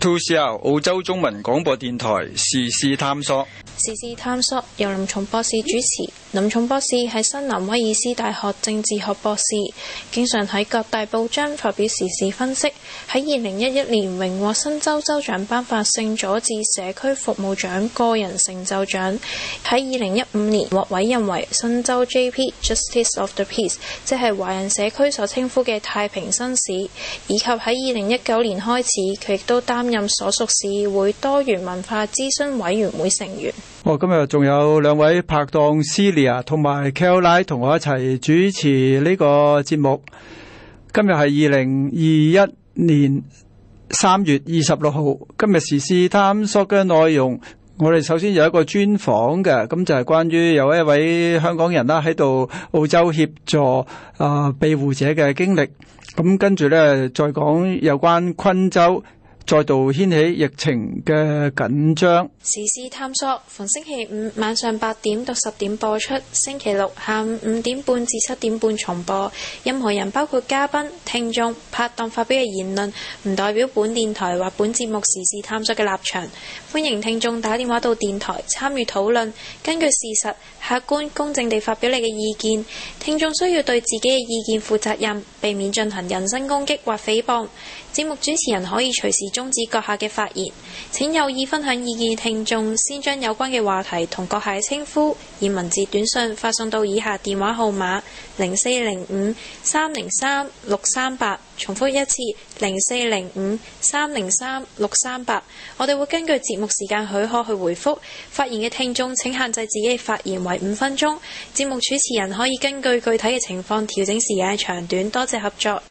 To Show 澳洲中文廣播電台，時事探索。時事探索由林聰博士主持。林聰博士係新南威爾斯大學政治學博士，經常喺各大報章發表時事分析。喺二零一一年榮獲新州州長頒發聖佐治社區服務獎個人成就獎，喺二零一五年獲委任為新州 J.P. Justice of the Peace，即係華人社區所稱呼嘅太平紳士，以及喺二零一九年開始，佢亦都擔任所屬市議會多元文化諮詢委員會成員。我、哦、今日仲有兩位拍檔 Celia 同埋 Kelley 同我一齊主持呢個節目。今日係二零二一年三月二十六號。今日時事探索嘅內容，我哋首先有一個專訪嘅，咁就係關於有一位香港人啦喺度澳洲協助啊、呃、庇護者嘅經歷。咁跟住呢，再講有關昆州。再度掀起疫情嘅緊張，時事探索逢星期五晚上八點到十點播出，星期六下午五點半至七點半重播。任何人包括嘉賓、聽眾、拍檔發表嘅言論唔代表本電台或本節目時事探索嘅立場，歡迎聽眾打電話到電台參與討論，根據事實客觀公正地發表你嘅意見，聽眾需要對自己嘅意見負責任，避免進行人身攻擊或誹謗，節目主持人可以隨時。終止閣下嘅發言，請有意分享意見聽眾先將有關嘅話題同閣下嘅稱呼以文字短信發送到以下電話號碼：零四零五三零三六三八，重複一次零四零五三零三六三八。我哋會根據節目時間許可去回復發言嘅聽眾，請限制自己嘅發言為五分鐘。節目主持人可以根據具體嘅情況調整時間嘅長短，多謝合作。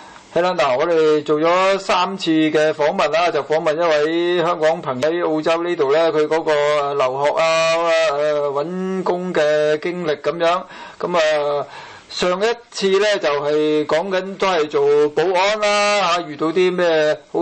係啦，嗱、嗯，我哋做咗三次嘅訪問啦，就訪問一位香港朋友，澳洲呢度咧，佢嗰個留學啊、啊、搵工嘅經歷咁樣，咁啊。上一次咧就係、是、講緊都係做保安啦嚇、啊，遇到啲咩好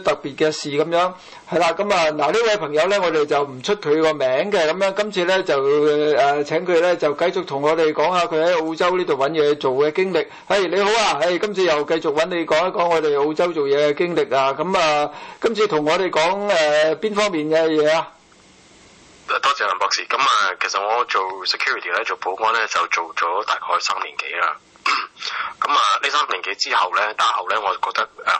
特別嘅事咁樣，係啦咁啊，嗱，呢位朋友咧，我哋就唔出佢個名嘅咁樣。今次咧就誒、呃、請佢咧就繼續同我哋講下佢喺澳洲呢度揾嘢做嘅經歷。係，你好啊，誒今次又繼續揾你講一講我哋澳洲做嘢嘅經歷啊。咁啊，今次同我哋講誒邊、呃、方面嘅嘢啊？多謝林博士。咁啊，其實我做 security 咧，做保安咧，就做咗大概三年幾啦。咁啊，呢三年幾之後咧，打後咧，我就覺得誒、嗯，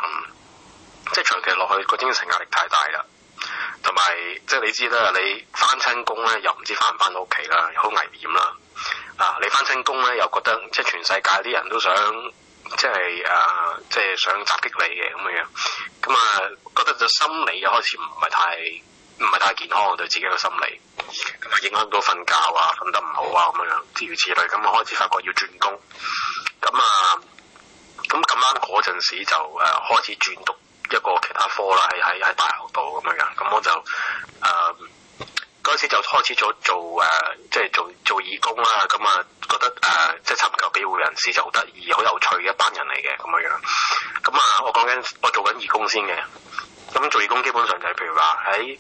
即係長期落去個精神壓力太大啦，同埋即係你知啦，你翻親工咧又唔知翻唔翻到屋企啦，好危險啦。啊，你翻親工咧又覺得即係全世界啲人都想即係誒，即係、啊、想襲擊你嘅咁樣，咁啊，覺得就心理又開始唔係太。唔係太健康，對自己個心理，咁啊影響到瞓覺啊，瞓得唔好啊，咁樣樣，諸如此類。咁我開始發覺要轉工，咁啊，咁咁啱嗰陣時就誒、呃、開始轉讀一個其他科啦，喺喺喺大學度咁樣樣。咁我就誒嗰陣時就開始咗做誒，即係做做，做，做義工啦。咁啊覺得誒，即、呃、係、即係、尋求庇護人士就好得意、好有趣嘅一班人嚟嘅咁樣樣。咁啊，我講緊我做緊義工先嘅。咁做義工基本上就係譬如話喺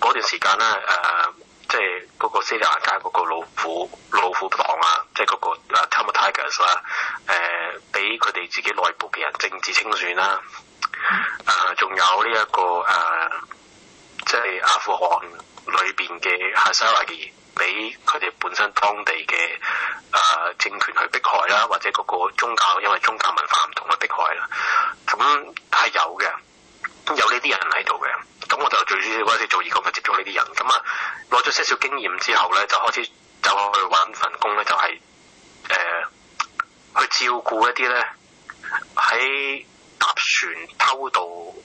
嗰段時間啦，誒、呃，即係嗰個斯里蘭卡嗰個老虎老虎黨啊，即係嗰個 Tamil Tigers 啊，誒、呃，俾佢哋自己內部嘅人政治清算啦，啊，仲、呃、有呢、這、一個誒，即、呃、係、就是、阿富汗裏邊嘅哈薩瓦爾俾佢哋本身當地嘅誒、呃、政權去迫害啦、啊，或者嗰個宗教因為宗教文化唔同去迫害啦、啊，咁係有嘅。有呢啲人喺度嘅，咁我就最主要嗰陣時做義工就接觸呢啲人，咁啊攞咗些少經驗之後咧，就開始走去搵份工咧，就係、是、誒、呃、去照顧一啲咧喺搭船偷渡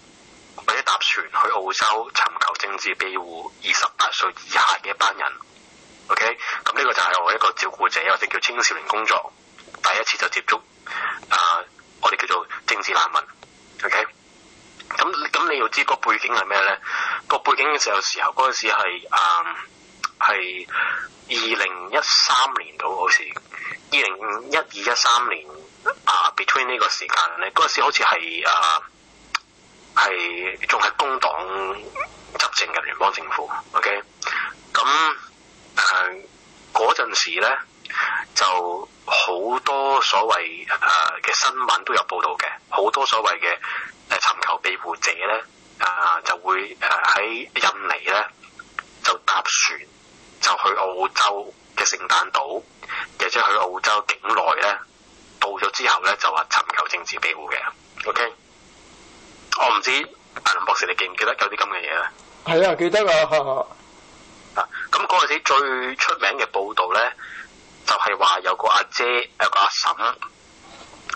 或者搭船去澳洲尋求政治庇護二十八歲以下嘅一班人。OK，咁呢個就係我一個照顧者，或者叫青少年工作，第一次就接觸啊、呃，我哋叫做政治難民。OK。咁咁你要知個背景係咩咧？個背景嘅時候，嗰陣時係誒係二零一三年到好似二零一二一三年啊，between 呢個時間咧，嗰陣時好似係誒係仲係工黨執政嘅聯邦政府。OK，咁誒嗰陣時咧就好多所謂誒嘅、啊、新聞都有報道嘅，好多所謂嘅。誒，尋求庇護者咧，啊，就會誒喺、啊、印尼咧就搭船就去澳洲嘅聖誕島，亦即係去澳洲境內咧，到咗之後咧就話尋求政治庇護嘅。OK，、mm hmm. 我唔知阿林博士你記唔記得有啲咁嘅嘢咧？係 啊，記得呵呵啊。啊，咁嗰陣時最出名嘅報道咧，就係、是、話有個阿姐，有個阿嬸。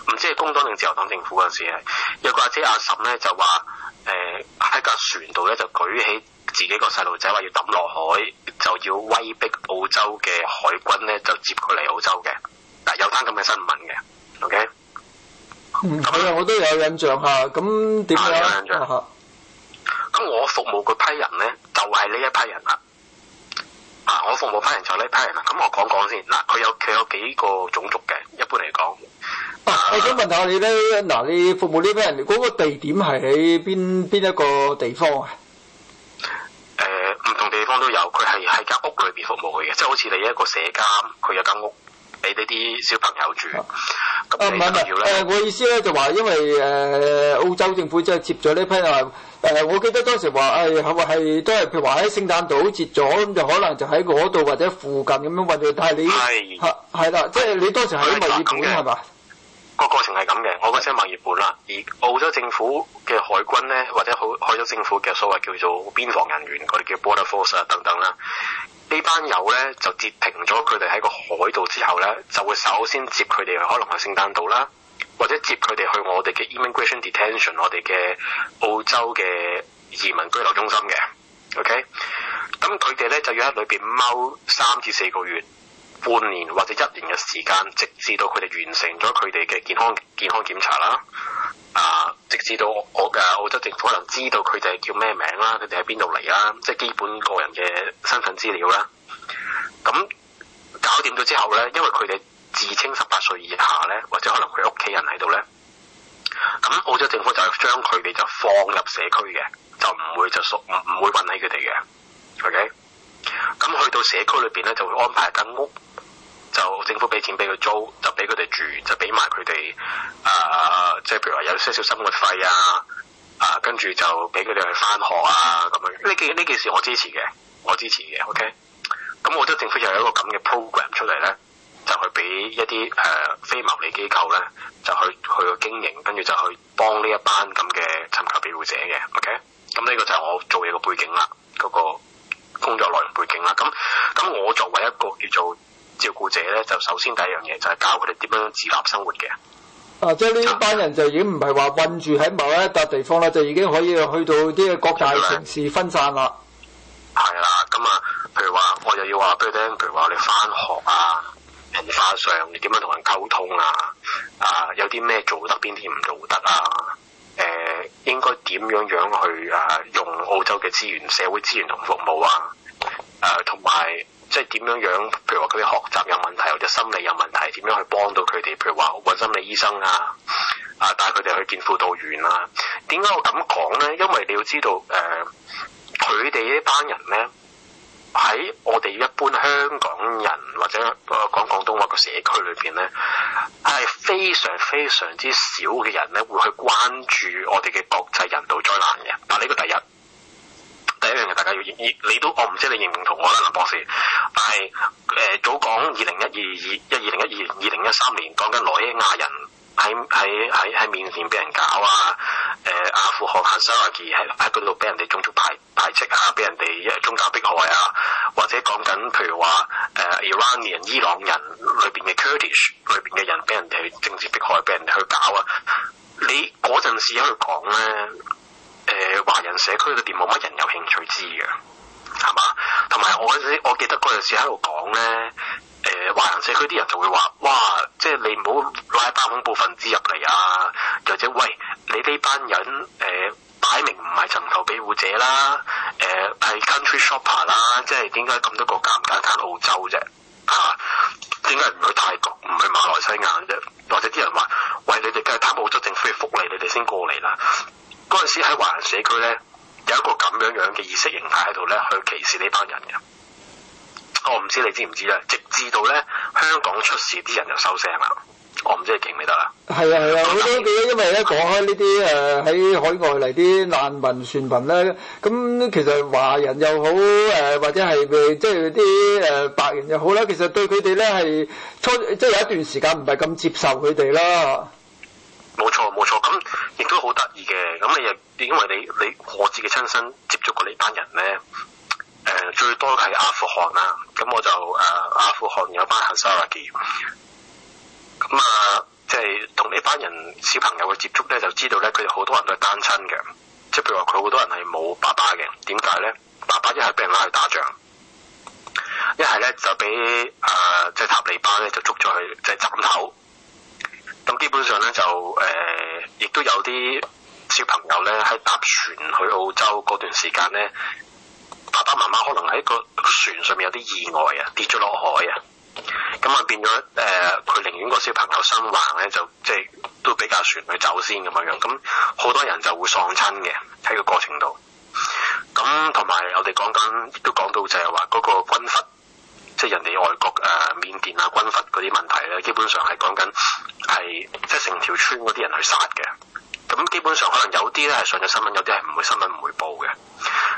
唔知係工黨定自由黨政府嗰陣時，有個阿姐，姐阿嬸咧就話：誒喺架船度咧就舉起自己個細路仔，話要抌落海，就要威逼澳洲嘅海軍咧就接佢嚟澳洲嘅。嗱，有單咁嘅新聞嘅，OK？嗯，係啊，我都有印象嚇。咁點、嗯、有印象？咁、啊、我服務嗰批人咧，就係、是、呢一批人啦。嗱，我服務返人就呢批人啦，咁我講講先講講。嗱，佢有佢有幾個種族嘅，一般嚟講。嗱、啊，我想、啊、問下你咧，嗱，你服務呢批人，嗰、那個地點係喺邊邊一個地方啊？誒、啊，唔同地方都有，佢係喺間屋裏邊服務佢嘅，即係好似你一個社監，佢有間屋俾呢啲小朋友住。唔唔係，我意思咧就話，因為誒、呃，澳洲政府即係接咗呢批啊。誒、呃，我記得當時話，誒係咪係都係，譬如話喺聖誕島截咗，咁就可能就喺嗰度或者附近咁樣運作。但係你係係啦，是啊、即係你當時係以。係墨爾本嘅個吧過程係咁嘅，我嗰車墨爾本啦。而澳洲政府嘅海軍咧，或者海州政府嘅所謂叫做邊防人員，嗰啲叫 border force 啊等等啦。呢班友咧就截停咗佢哋喺個海度之後咧，就會首先接佢哋，去可能係聖誕島啦。或者接佢哋去我哋嘅 Immigration Detention，我哋嘅澳洲嘅移民居留中心嘅，OK？咁佢哋咧就要喺裏邊踎三至四個月，半年或者一年嘅時間，直至到佢哋完成咗佢哋嘅健康健康檢查啦。啊，直至到我嘅澳洲政府可能知道佢哋係叫咩名啦，佢哋喺邊度嚟啦，即係基本個人嘅身份資料啦。咁搞掂咗之後咧，因為佢哋。自稱十八歲以下咧，或者可能佢屋企人喺度咧，咁澳洲政府就係將佢哋就放入社區嘅，就唔會就鎖，唔唔會允許佢哋嘅，ok？咁去到社區裏邊咧，就會安排一間屋，就政府俾錢俾佢租，就俾佢哋住，就俾埋佢哋啊，即、呃、係、就是、譬如話有些少生活費啊，呃、啊，跟住就俾佢哋去翻學啊咁樣。呢件呢件事我支持嘅，我支持嘅，ok？咁澳洲政府又有一個咁嘅 program 出嚟咧。就去俾一啲誒非牟利機構咧，就去去個經營，跟住就去幫呢一班咁嘅尋求庇護者嘅，OK？咁、嗯、呢、這個就係我做嘢個背景啦，嗰、這個工作內容背景啦。咁、嗯、咁、嗯嗯、我作為一個叫做照顧者咧，就首先第一樣嘢就係、是、教佢哋點樣自立生活嘅。啊，即係呢班人就已經唔係話困住喺某一笪地方啦，就已經可以去到啲嘅各大城市分散啦。係啦、嗯，咁啊、嗯，譬如話我又要話俾你聽，譬如話你翻學啊。文化上你點樣同人溝通啊？啊，有啲咩做得邊啲唔做得啊？誒、啊，應該點樣樣去啊？用澳洲嘅資源、社會資源同服務啊？誒、啊，同埋即係點樣樣？譬如話佢哋學習有問題，或者心理有問題，點樣去幫到佢哋？譬如話搵心理醫生啊，啊，帶佢哋去見輔導員啊。點解我咁講咧？因為你要知道，誒、啊，佢哋呢班人咧。喺我哋一般香港人或者講廣東話嘅社區裏邊咧，係非常非常之少嘅人咧會去關注我哋嘅國際人道災難嘅。但呢個第一，第一樣嘢，大家要認，你都我唔知你認唔認同，我個博士。但係誒、呃、早講二零一二二一二零一二二零一三年講緊羅興亞人。喺喺喺喺面前俾人搞啊！誒、呃、阿富汗阿沙維喺喺嗰度俾人哋種族排排斥啊！俾人哋一宗教迫害啊！或者講緊譬如話 Iranian 伊朗人裏邊嘅 Kurdish 裏邊嘅人俾人哋政治迫害、俾人哋去搞啊！你嗰陣時喺度講咧，誒、呃、華人社區裏邊冇乜人有興趣知嘅。係嘛？同埋我嗰陣時我記得嗰陣時喺度講咧，誒、呃、華人社區啲人就會話：哇！即係你唔好拉啲恐怖分子入嚟啊！又或者喂，你呢班人誒、呃、擺明唔係尋求庇護者啦，誒、呃、係 country shopper 啦，即係點解咁多國家唔揀澳洲啫？啊，點解唔去泰國？唔去馬來西亞啫？或者啲人話：喂，你哋梗係打澳洲政府嘅福利你哋先過嚟啦。嗰陣時喺華人社區咧。有一個咁樣樣嘅意識形態喺度咧，去歧視呢班人嘅。我唔知你知唔知咧，直至到咧香港出事，啲人就收聲啦。我唔知你記唔記得啦。係啊係啊，好多嘅，因為咧講開呢啲誒喺海外嚟啲難民船民咧，咁其實華人又好誒、呃，或者係即係啲誒白人又好啦，其實對佢哋咧係初即係、即係、有一段時間唔係咁接受佢哋啦。冇錯冇錯，咁亦、嗯、都好得意嘅。咁你又因為你你我自己親身接觸過呢班人咧，誒、呃、最多係阿富汗啦。咁、嗯、我就誒、呃、阿富汗有一班 Hazara、嗯、咁啊，即係同呢班人小朋友嘅接觸咧，就知道咧，佢哋好多人都係單親嘅，即係譬如話佢好多人係冇爸爸嘅。點解咧？爸爸一係俾人拉去打仗，一係咧就俾誒即係塔利班咧就捉咗去即係、就是、斬頭。咁基本上咧就誒，亦、呃、都有啲小朋友咧喺搭船去澳洲嗰段時間咧，爸爸媽媽可能喺個船上面有啲意外啊，跌咗落海啊，咁啊變咗誒，佢、呃、寧願個小朋友生還咧，就即係都俾架船去走先咁樣樣，咁好多人就會喪親嘅喺個過程度。咁同埋我哋講緊亦都講到就係話嗰個軍閥。即係人哋外國誒、呃，緬甸啊，軍閥嗰啲問題咧，基本上係講緊係即係成條村嗰啲人去殺嘅。咁基本上可能有啲咧係上咗新聞，有啲係唔會新聞唔會報嘅。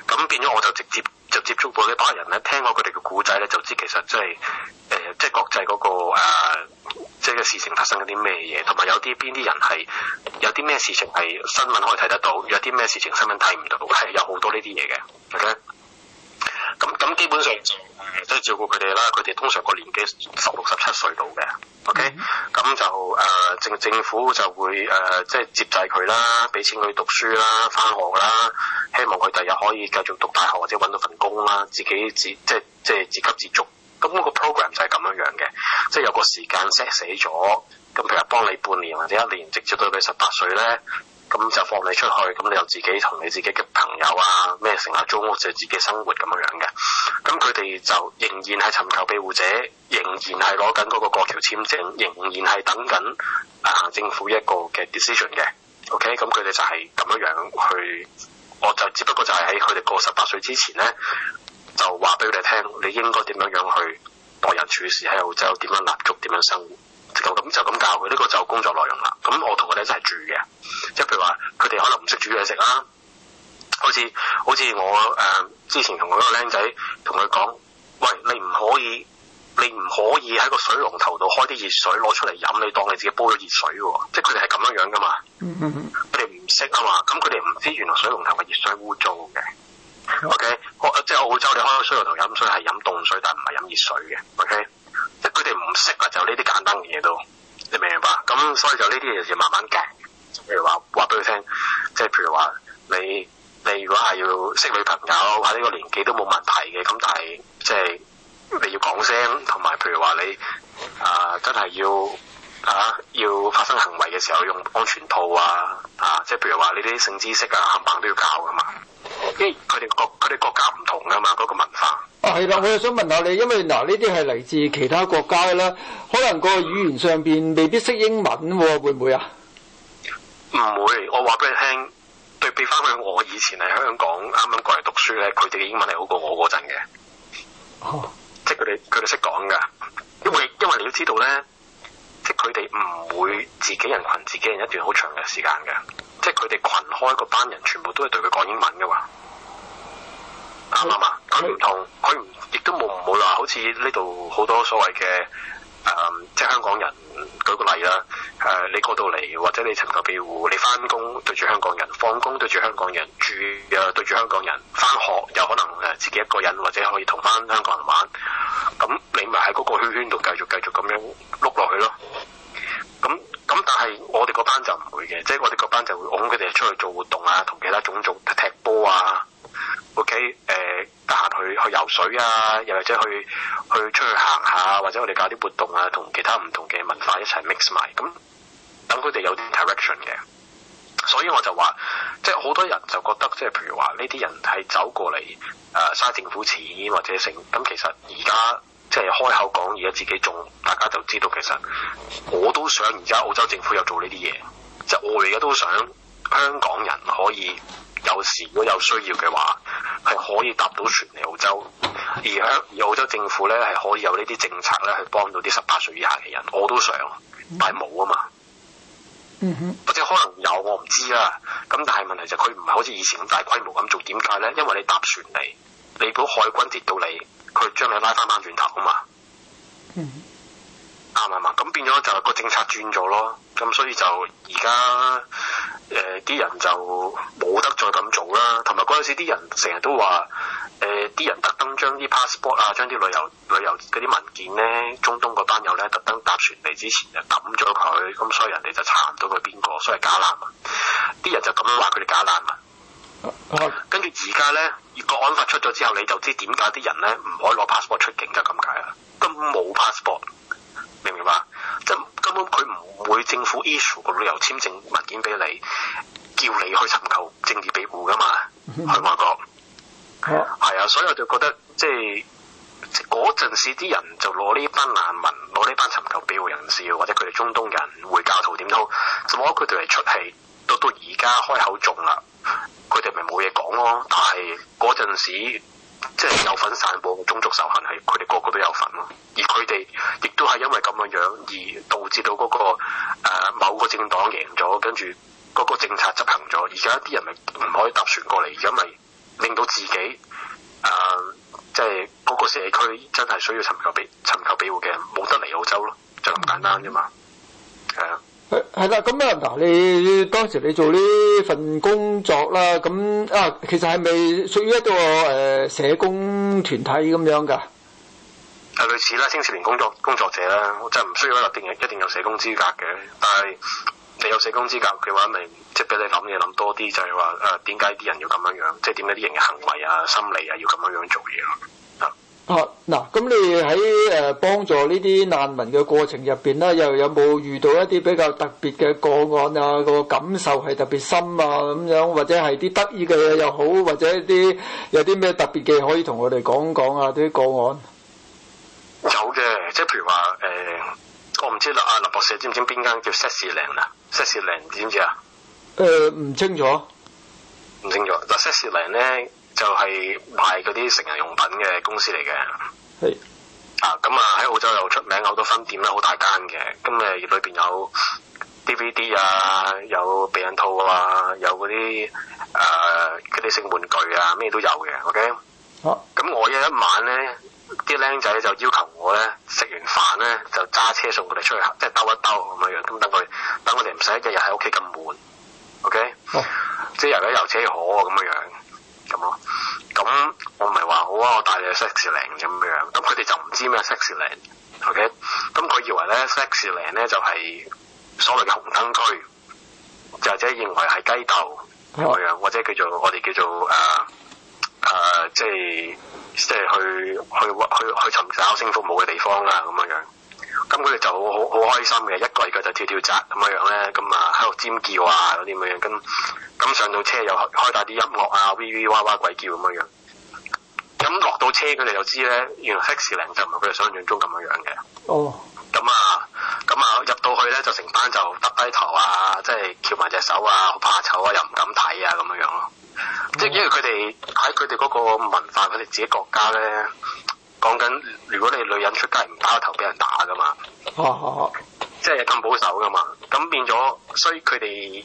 咁變咗我就直接就接觸到呢班人咧，聽過佢哋嘅故仔咧，就知其實即係誒，即係國際嗰、嗰個、呃、即係個事情發生咗啲咩嘢，同埋有啲邊啲人係有啲咩事情係新聞可以睇得到，有啲咩事情新聞睇唔到，係有好多呢啲嘢嘅，OK？咁咁基本上就即係照顧佢哋啦，佢哋通常個年紀十六十七歲到嘅，OK？咁 Okay. 就誒政、呃、政府就會誒即係接濟佢啦，俾錢佢讀書啦、返學啦，希望佢第日可以繼續讀大學或者揾到份工啦，自己自即係即係自給自足。咁、那、嗰個 program 就係咁樣樣嘅，即、就、係、是、有個時間 set 死咗，咁譬如幫你半年或者一年，直接到佢十八歲咧。咁就放你出去，咁你又自己同你自己嘅朋友啊，咩成日租屋就自己生活咁樣樣嘅。咁佢哋就仍然係尋求庇護者，仍然係攞緊嗰個過橋簽證，仍然係等緊啊、呃、政府一個嘅 decision 嘅。OK，咁佢哋就係咁樣樣去。我就只不過就係喺佢哋過十八歲之前咧，就話俾佢哋聽，你應該點樣樣去待人處事喺澳洲，點樣立足，點樣生活。就咁就咁教佢，呢個就工作內容啦。咁我同佢哋一齊住嘅，即係譬如話，佢哋可能唔識煮嘢食啦。好似好似我誒之前同佢個僆仔同佢講：喂，你唔可以，你唔可以喺個水龍頭度開啲熱水攞出嚟飲，你當你自己煲咗熱水喎。即係佢哋係咁樣樣噶嘛。嗯嗯嗯。佢哋唔識啊嘛。咁佢哋唔知原來水龍頭嘅熱水污糟嘅。OK，Okay? 即係澳洲，你開個水龍頭飲水係飲凍水，但係唔係飲熱水嘅。OK。你唔識啊，就呢啲簡單嘅嘢都，你明唔明白？咁所以就呢啲嘢要慢慢教。譬如話，話俾佢聽，即係譬如話，你你如果係要識女朋友，喺呢個年紀都冇問題嘅。咁但係即係你要講聲，同埋譬如話你啊、呃，真係要。啊！要發生行為嘅時候用安全套啊！啊，即係譬如話呢啲性知識啊、冚唪唥都要教噶嘛。佢哋國佢哋國家唔同啊嘛，嗰、那個文化。哦、啊，係啦，我又、嗯、想問下你，因為嗱呢啲係嚟自其他國家噶啦，可能個語言上邊未必識英文喎、啊，會唔會啊？唔、嗯、會，我話俾你聽，對比翻佢我以前喺香港啱啱過嚟讀書咧，佢哋嘅英文係好過我嗰陣嘅。啊、即係佢哋佢哋識講噶，因為的因為你要知道咧。即係佢哋唔會自己人群自己人一段好長嘅時間嘅。即係佢哋群開個班人，全部都係對佢講英文嘅話。啱唔啱啊？佢唔、嗯、同，佢唔亦都冇唔好話，好似呢度好多所謂嘅。誒，um, 即係香港人，舉個例啦。誒、啊，你過到嚟或者你尋求庇護，你翻工對住香港人，放工對住香港人，住誒對住香港人，翻學有可能誒自己一個人或者可以同翻香港人玩。咁、嗯、你咪喺嗰個圈圈度繼續繼續咁樣碌落去咯。咁、嗯、咁、嗯，但係我哋嗰班就唔會嘅，即、就、係、是、我哋嗰班就會捧佢哋出去做活動啊，同其他種族踢波啊。O.K. 誒、呃，得閒去去游水啊，又或者去去出去行下，或者我哋搞啲活動啊，同其他唔同嘅文化一齊 mix 埋，咁等佢哋有啲 direction 嘅。所以我就話，即係好多人就覺得，即係譬如話呢啲人係走過嚟誒，嘥、呃、政府錢或者成。咁、嗯、其實而家即係開口講而家自己仲，大家就知道其實我都想，而家澳洲政府有做呢啲嘢，即、就、係、是、我而家都想香港人可以。有時如果有需要嘅話，係可以搭到船嚟澳洲，而響而澳洲政府咧係可以有呢啲政策咧，去幫到啲十八歲以下嘅人。我都想，但係冇啊嘛。哼、mm，或者，hmm，可能有我唔知啦、啊。咁但係問題就佢唔係好似以前咁大規模咁做，點解咧？因為你搭船嚟，你畀海軍跌到嚟，佢將你拉翻翻轉頭啊嘛。嗯。Mm hmm. 啱啱，嘛、嗯，咁、嗯嗯、變咗就個政策轉咗咯，咁、嗯、所以就而家誒啲人就冇得再咁做啦。同埋嗰陣時啲人成日都話誒啲人特登將啲 passport 啊，將啲旅遊旅遊嗰啲文件咧，中東個班友咧特登搭船嚟之前就抌咗佢，咁、嗯、所以人哋就查唔到佢邊個，所以假難民。啲人就咁樣話佢哋假難民。嗯嗯、跟住而家咧，國安法出咗之後，你就知點解啲人咧唔可以攞 passport 出境就咁解啊，都冇 passport。明唔明白？即係根本佢唔會政府 issue 個旅遊簽證文件俾你，叫你去尋求政治庇護噶嘛？佢話講係啊，所以我就覺得即係嗰陣時啲人就攞呢班難民，攞呢班尋求庇護人士，或者佢哋中東人回教徒點都好，就攞佢哋嚟出氣。到到而家開口仲啦，佢哋咪冇嘢講咯。但係嗰陣時。即係有份散播種族仇恨係。佢哋個個都有份咯。而佢哋亦都係因為咁嘅樣而導致到嗰、那個、呃、某個政黨贏咗，跟住嗰個政策執行咗。而家啲人咪唔可以搭船過嚟，而家咪令到自己誒，即係嗰個社區真係需要尋求庇尋求庇護嘅人冇得嚟澳洲咯，就咁簡單啫嘛。係、嗯、啊。誒係啦，咁啊嗱，你當時你做呢份工作啦，咁啊，其實係咪屬於一個誒、呃、社工團體咁樣㗎？係類似啦，青少年工作工作者啦，即係唔需要一定嘅，一定有社工資格嘅。但係你有社工資格嘅話，咪即係俾你諗嘢諗多啲，就係話誒點解啲人要咁樣樣，即係點解啲人嘅行為啊、心理啊要咁樣樣做嘢咯、啊。啊嗱，咁你喺誒幫助呢啲難民嘅過程入邊咧，又有冇遇到一啲比較特別嘅個案啊？個感受係特別深啊咁樣，或者係啲得意嘅嘢又好，或者啲有啲咩特別嘅可以同我哋講講啊？啲個案有嘅，即係譬如話誒，我唔知林阿林博士知唔知邊間叫 Seslin 啊？Seslin 知唔知啊？誒唔清楚，唔清楚。嗱 Seslin 咧。就係賣嗰啲成人用品嘅公司嚟嘅，係是啊，咁啊喺澳洲又出名好多分店啦，好大間嘅，咁誒裏邊有 DVD 啊，有避孕套啊，有嗰啲誒嗰啲性玩具啊，咩都有嘅，OK，咁、啊、我有一晚咧，啲僆仔就要求我咧食完飯咧就揸車送佢哋出去，即係兜一兜咁樣樣，咁等佢等佢哋唔使日日喺屋企咁悶，OK，即係遊一遊車河咁樣樣。啊啊咁咯，咁我唔係話好啊，我帶你去 sexing 咁樣，咁佢哋就唔知咩 sexing，OK？咁佢以為咧 sexing 咧就係所謂嘅紅燈區，就或者認為係雞竇，咁樣、嗯，或者叫做我哋叫做誒誒、呃呃，即係即係去去去去去尋找性服務嘅地方啊咁樣。咁佢哋就好好開心嘅，一個一個就跳跳扎咁樣呢樣咧，咁啊喺度尖叫啊嗰啲咁樣，跟咁上到車又開大啲音樂啊，V V 哇哇鬼叫咁樣樣。咁落到車佢哋就知咧，原來 s e x i 就唔係佢哋想象中咁樣樣嘅。哦。咁啊，咁啊入、啊、到去咧就成班就耷低頭啊，即係翹埋隻手啊，好怕醜啊，又唔敢睇啊咁樣樣、啊、咯。即係、oh。因為佢哋喺佢哋嗰個文化，佢哋自己國家咧。講緊如果你女人出街唔戴個頭俾人打㗎嘛，哦、oh, oh, oh. 即係咁保守㗎嘛，咁變咗，所以佢哋誒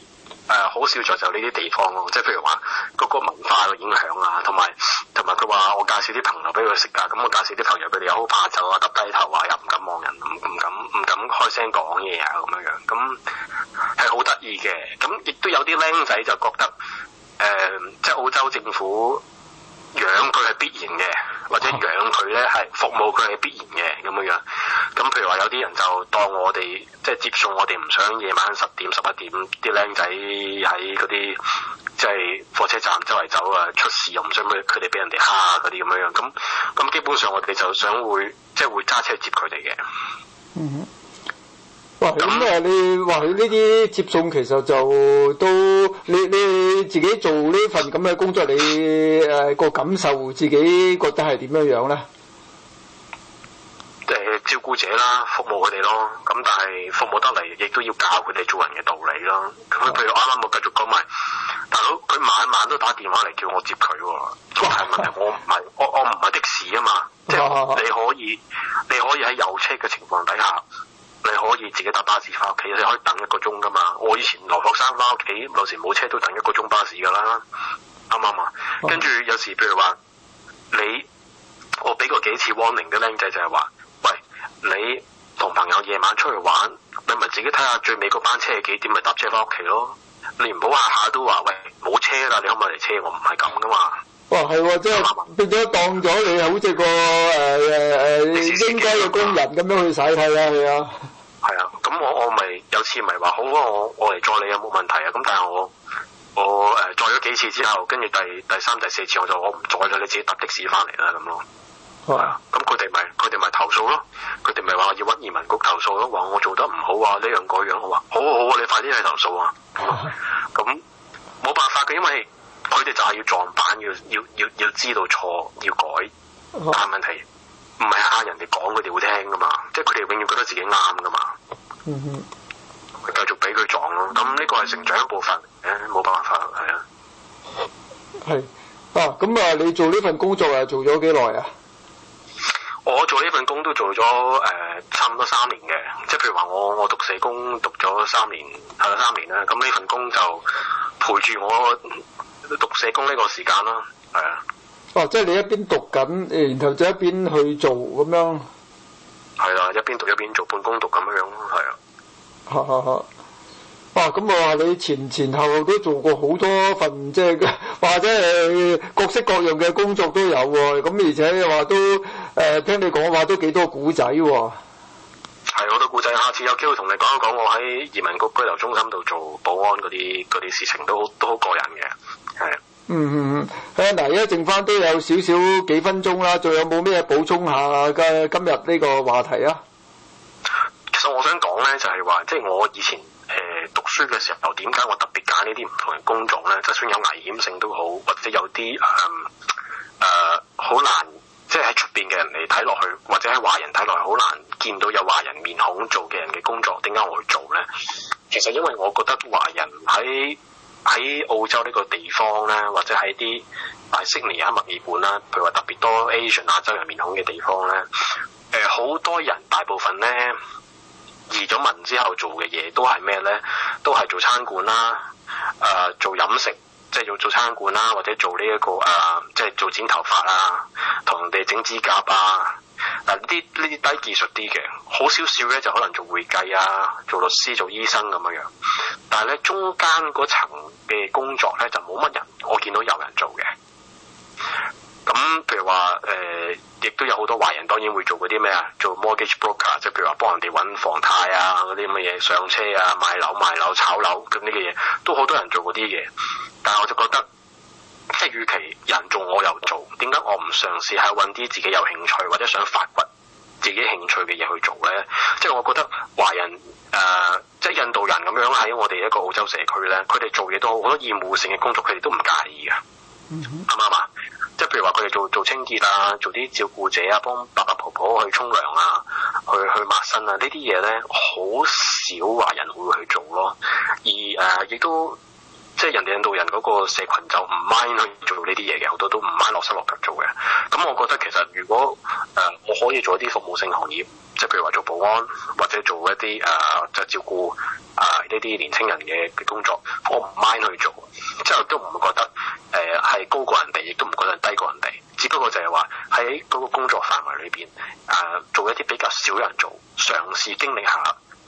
好少再受呢啲地方咯，即係譬如話嗰個文化嘅影響啊，同埋同埋佢話我介紹啲朋友俾佢食啊，咁我介紹啲朋友佢哋又好怕醜啊，耷、啊、低頭啊，又唔敢望人，唔唔敢唔敢開聲講嘢啊咁樣樣，咁係好得意嘅，咁亦都有啲僆仔就覺得誒、呃，即係澳洲政府。養佢係必然嘅，或者養佢呢係服務佢係必然嘅咁樣樣。咁譬如話有啲人就當我哋即係接送我哋，唔想夜晚十點十一點啲靚仔喺嗰啲即係火車站周圍走啊，出事，又唔想佢佢哋俾人哋蝦嗰啲咁樣樣。咁咁基本上我哋就想會即係、就是、會揸車接佢哋嘅。嗯哼咁啊，你話佢呢啲接送其實就都你你自己做呢份咁嘅工作，你誒個感受自己覺得係點樣樣咧？誒照顧者啦，服務佢哋咯。咁但係服務得嚟，亦都要教佢哋做人嘅道理咯。咁佢譬如啱啱我繼續講埋，大佬佢晚晚都打電話嚟叫我接佢喎、哦。咁我唔係 我我唔係的士啊嘛， 即係你可以 你可以喺有車嘅情況底下。你可以自己搭巴士翻屋企，你可以等一個鐘噶嘛。我以前留學生翻屋企，有時冇車都等一個鐘巴士噶啦，啱唔啱啊？跟住有時譬如話，你我俾過幾次 warning 嘅僆仔就係話，喂，你同朋友夜晚出去玩，你咪自己睇下最尾嗰班車係幾點，咪搭車翻屋企咯。你唔好下下都話，喂，冇車啦，你可唔可以嚟車我？唔係咁噶嘛。哇，係喎，哦，即係變咗當咗你好似個誒誒誒清街嘅工人咁樣去踩梯啦，係啊。啊。我我咪有次咪話好啊，我我嚟載你有冇問題啊？咁但係我我誒載咗幾次之後，跟住第第三、第四次我就我唔載咗，你自己搭的士翻嚟啦，咁咯係啊。咁佢哋咪佢哋咪投訴咯。佢哋咪話要揾移民局投訴咯。話我做得唔好啊，呢樣嗰樣啊，好好啊。你快啲去投訴啊。咁冇、oh、yeah. 辦法嘅，因為佢哋就係要撞板，要要要要知道錯要改。但係、oh、yeah. 問題唔係啊，下人哋講佢哋會聽噶嘛，即係佢哋永遠覺得自己啱噶嘛。Oh yeah. 嗯哼，繼續俾佢撞咯，咁呢個係成長一部分，誒，冇辦法，係啊。係，啊，咁啊，你做呢份工作啊，做咗幾耐啊？我做呢份工都做咗誒、呃，差唔多三年嘅。即係譬如話我我讀社工讀咗三年，係三年啦，咁呢份工就陪住我讀社工呢個時間咯，係啊。哦，即係你一邊讀緊，然後就一邊去做咁樣。係啦，一邊讀一邊做半工讀咁樣樣咯，係啊。哈哈哈！哇，咁啊，啊啊我話你前前後後都做過好多份，即係或者係各式各樣嘅工作都有喎、啊。咁而且又話都誒、呃，聽你講話都幾多古仔喎。係好多古仔， 下次有機會同你講一講。我喺移民局居留中心度做保安嗰啲啲事情都，都好都好過癮嘅，係。嗯嗯嗯，嗱，而家剩翻都有少少幾分鐘啦，仲有冇咩補充下嘅今日呢個話題啊？其實我想講咧，就係話，即係我以前誒讀書嘅時候，點解我特別揀呢啲唔同嘅工作咧？就算有危險性都好，或者有啲誒誒好難，即係喺出邊嘅人嚟睇落去，或者喺華人睇落去好難見到有華人面孔做嘅人嘅工作，點解我去做咧？其實因為我覺得華人喺喺澳洲呢個地方咧，或者喺啲大悉尼啊、墨爾本啦，譬如話特別多 Asian 亞洲人面孔嘅地方咧，誒、呃、好多人大部分咧移咗民之後做嘅嘢都係咩咧？都係做餐館啦，誒、呃、做飲食，即係做做餐館啦，或者做呢、這、一個誒、呃，即係做剪頭髮啊，同人哋整指甲啊。嗱，呢呢啲低技術啲嘅，好少少咧就可能做會計啊，做律師、做醫生咁樣樣。但係咧中間嗰層嘅工作咧就冇乜人，我見到有人做嘅。咁譬如話誒、呃，亦都有好多華人，當然會做嗰啲咩啊，做 mortgage broker，即係譬如話幫人哋搵房貸啊，嗰啲咁嘅嘢上車啊，買樓、買樓、買樓、炒樓咁呢個嘢，都好多人做嗰啲嘢，但係我就覺得。即係與其人做我又做，點解我唔嘗試下揾啲自己有興趣或者想發掘自己興趣嘅嘢去做咧？即係我覺得華人誒、呃，即係印度人咁樣喺我哋一個澳洲社區咧，佢哋做嘢都好多厭惡性嘅工作，佢哋都唔介意嘅，係啱啊？即係譬如話佢哋做做清潔啊，做啲照顧者啊，幫伯伯婆婆去沖涼啊，去去抹身啊，呢啲嘢咧好少華人會去做咯，而誒、呃、亦都。即係人哋引導人嗰個社群就唔 mind 去做呢啲嘢嘅，好多都唔 mind 落手落腳做嘅。咁我覺得其實如果誒、呃、我可以做一啲服務性行業，即係譬如話做保安或者做一啲誒、呃、就照顧啊呢啲年青人嘅嘅工作，我唔 mind 去做，之後都唔會覺得誒係、呃、高過人哋，亦都唔覺得低過人哋。只不過就係話喺嗰個工作範圍裏邊，誒、呃、做一啲比較少人做，嘗試經歷下。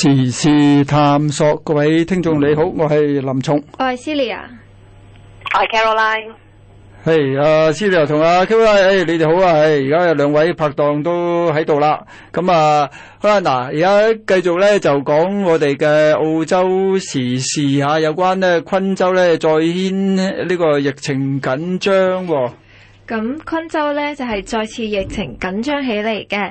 時事探索，各位聽眾你好，我係林松，我係 Celia，我係 Caroline。係，阿師弟又同阿 Q 啦，誒，你哋好、哎、啊，誒、哎，而家有兩位拍檔都喺度啦，咁啊，好啦，嗱，而家繼續咧就講我哋嘅澳洲時事吓、啊，有關呢，昆州咧再掀呢個疫情緊張、哦，咁、嗯、昆州咧就係、是、再次疫情緊張起嚟嘅。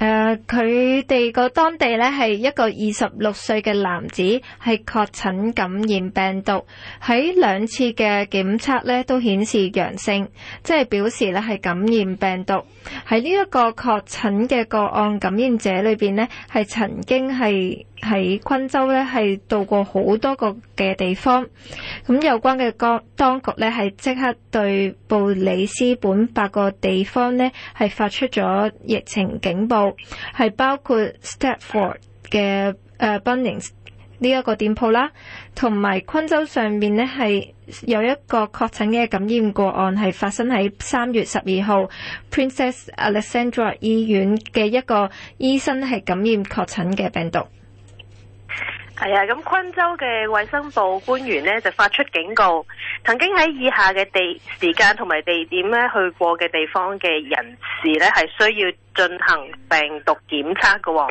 誒，佢哋個當地咧，係一個二十六歲嘅男子，係確診感染病毒，喺兩次嘅檢測咧都顯示陽性，即係表示咧係感染病毒。喺呢一個確診嘅個案感染者裏邊呢，係曾經係喺昆州呢係到過好多個嘅地方。咁有關嘅當當局呢係即刻對布里斯本八個地方呢係發出咗疫情警報，係包括 Stepford 嘅誒 Bunnings 呢一個店鋪啦，同埋昆州上面呢，呢係。有一個確診嘅感染個案係發生喺三月十二號 Princess Alexandra 醫院嘅一個醫生係感染確診嘅病毒。係啊，哎，咁昆州嘅衛生部官員呢就發出警告，曾經喺以下嘅地時間同埋地點呢去過嘅地方嘅人士呢係需要進行病毒檢測嘅哦。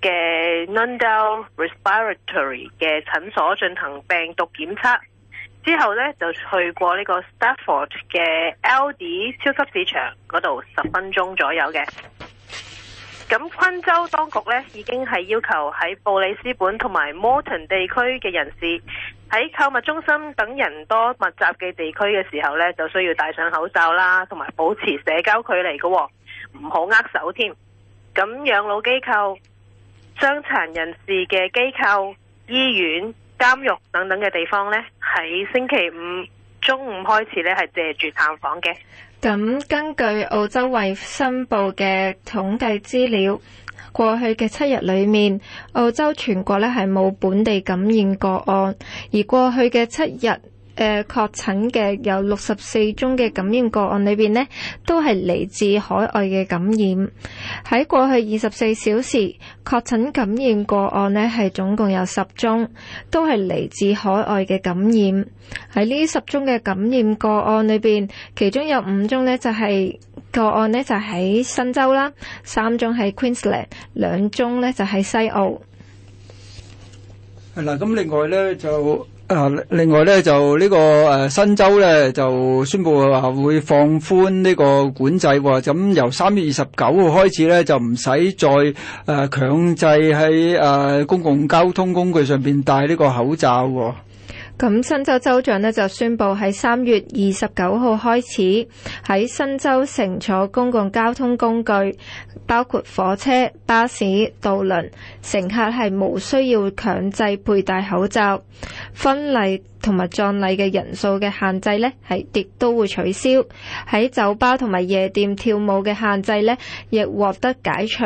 嘅 Nundah respiratory 嘅診所進行病毒檢測之後呢，就去過呢個 Stafford 嘅 Aldi 超級市場嗰度十分鐘左右嘅。咁昆州當局呢，已經係要求喺布里斯本同埋 Morton 地區嘅人士喺購物中心等人多密集嘅地區嘅時候呢，就需要戴上口罩啦，同埋保持社交距離嘅，哦，唔好握手添。咁養老機構。傷殘人士嘅機構、醫院、監獄等等嘅地方呢，喺星期五中午開始呢，係謝絕探訪嘅。咁根據澳洲衛生部嘅統計資料，過去嘅七日裏面，澳洲全國呢，係冇本地感染個案，而過去嘅七日。誒、呃、確診嘅有六十四宗嘅感染個案裏面，裏邊呢都係嚟自海外嘅感染。喺過去二十四小時確診感染個案呢係總共有十宗，都係嚟自海外嘅感染。喺呢十宗嘅感染個案裏邊，其中有五宗呢就係、是、個案呢就喺、是、新州啦，三宗喺 Queensland，兩宗呢就喺、是、西澳。係啦，咁另外呢就。誒另外咧就呢、這個誒、呃、新州咧就宣布話會放寬呢個管制喎，咁、呃、由三月二十九號開始咧就唔使再誒、呃、強制喺誒、呃、公共交通工具上邊戴呢個口罩喎。咁新州州長呢，就宣布喺三月二十九號開始喺新州乘坐公共交通工具，包括火車巴士、渡輪乘客係無需要強制佩戴口罩。婚禮同埋葬禮嘅人數嘅限制呢，係亦都會取消。喺酒吧同埋夜店跳舞嘅限制呢，亦獲得解除。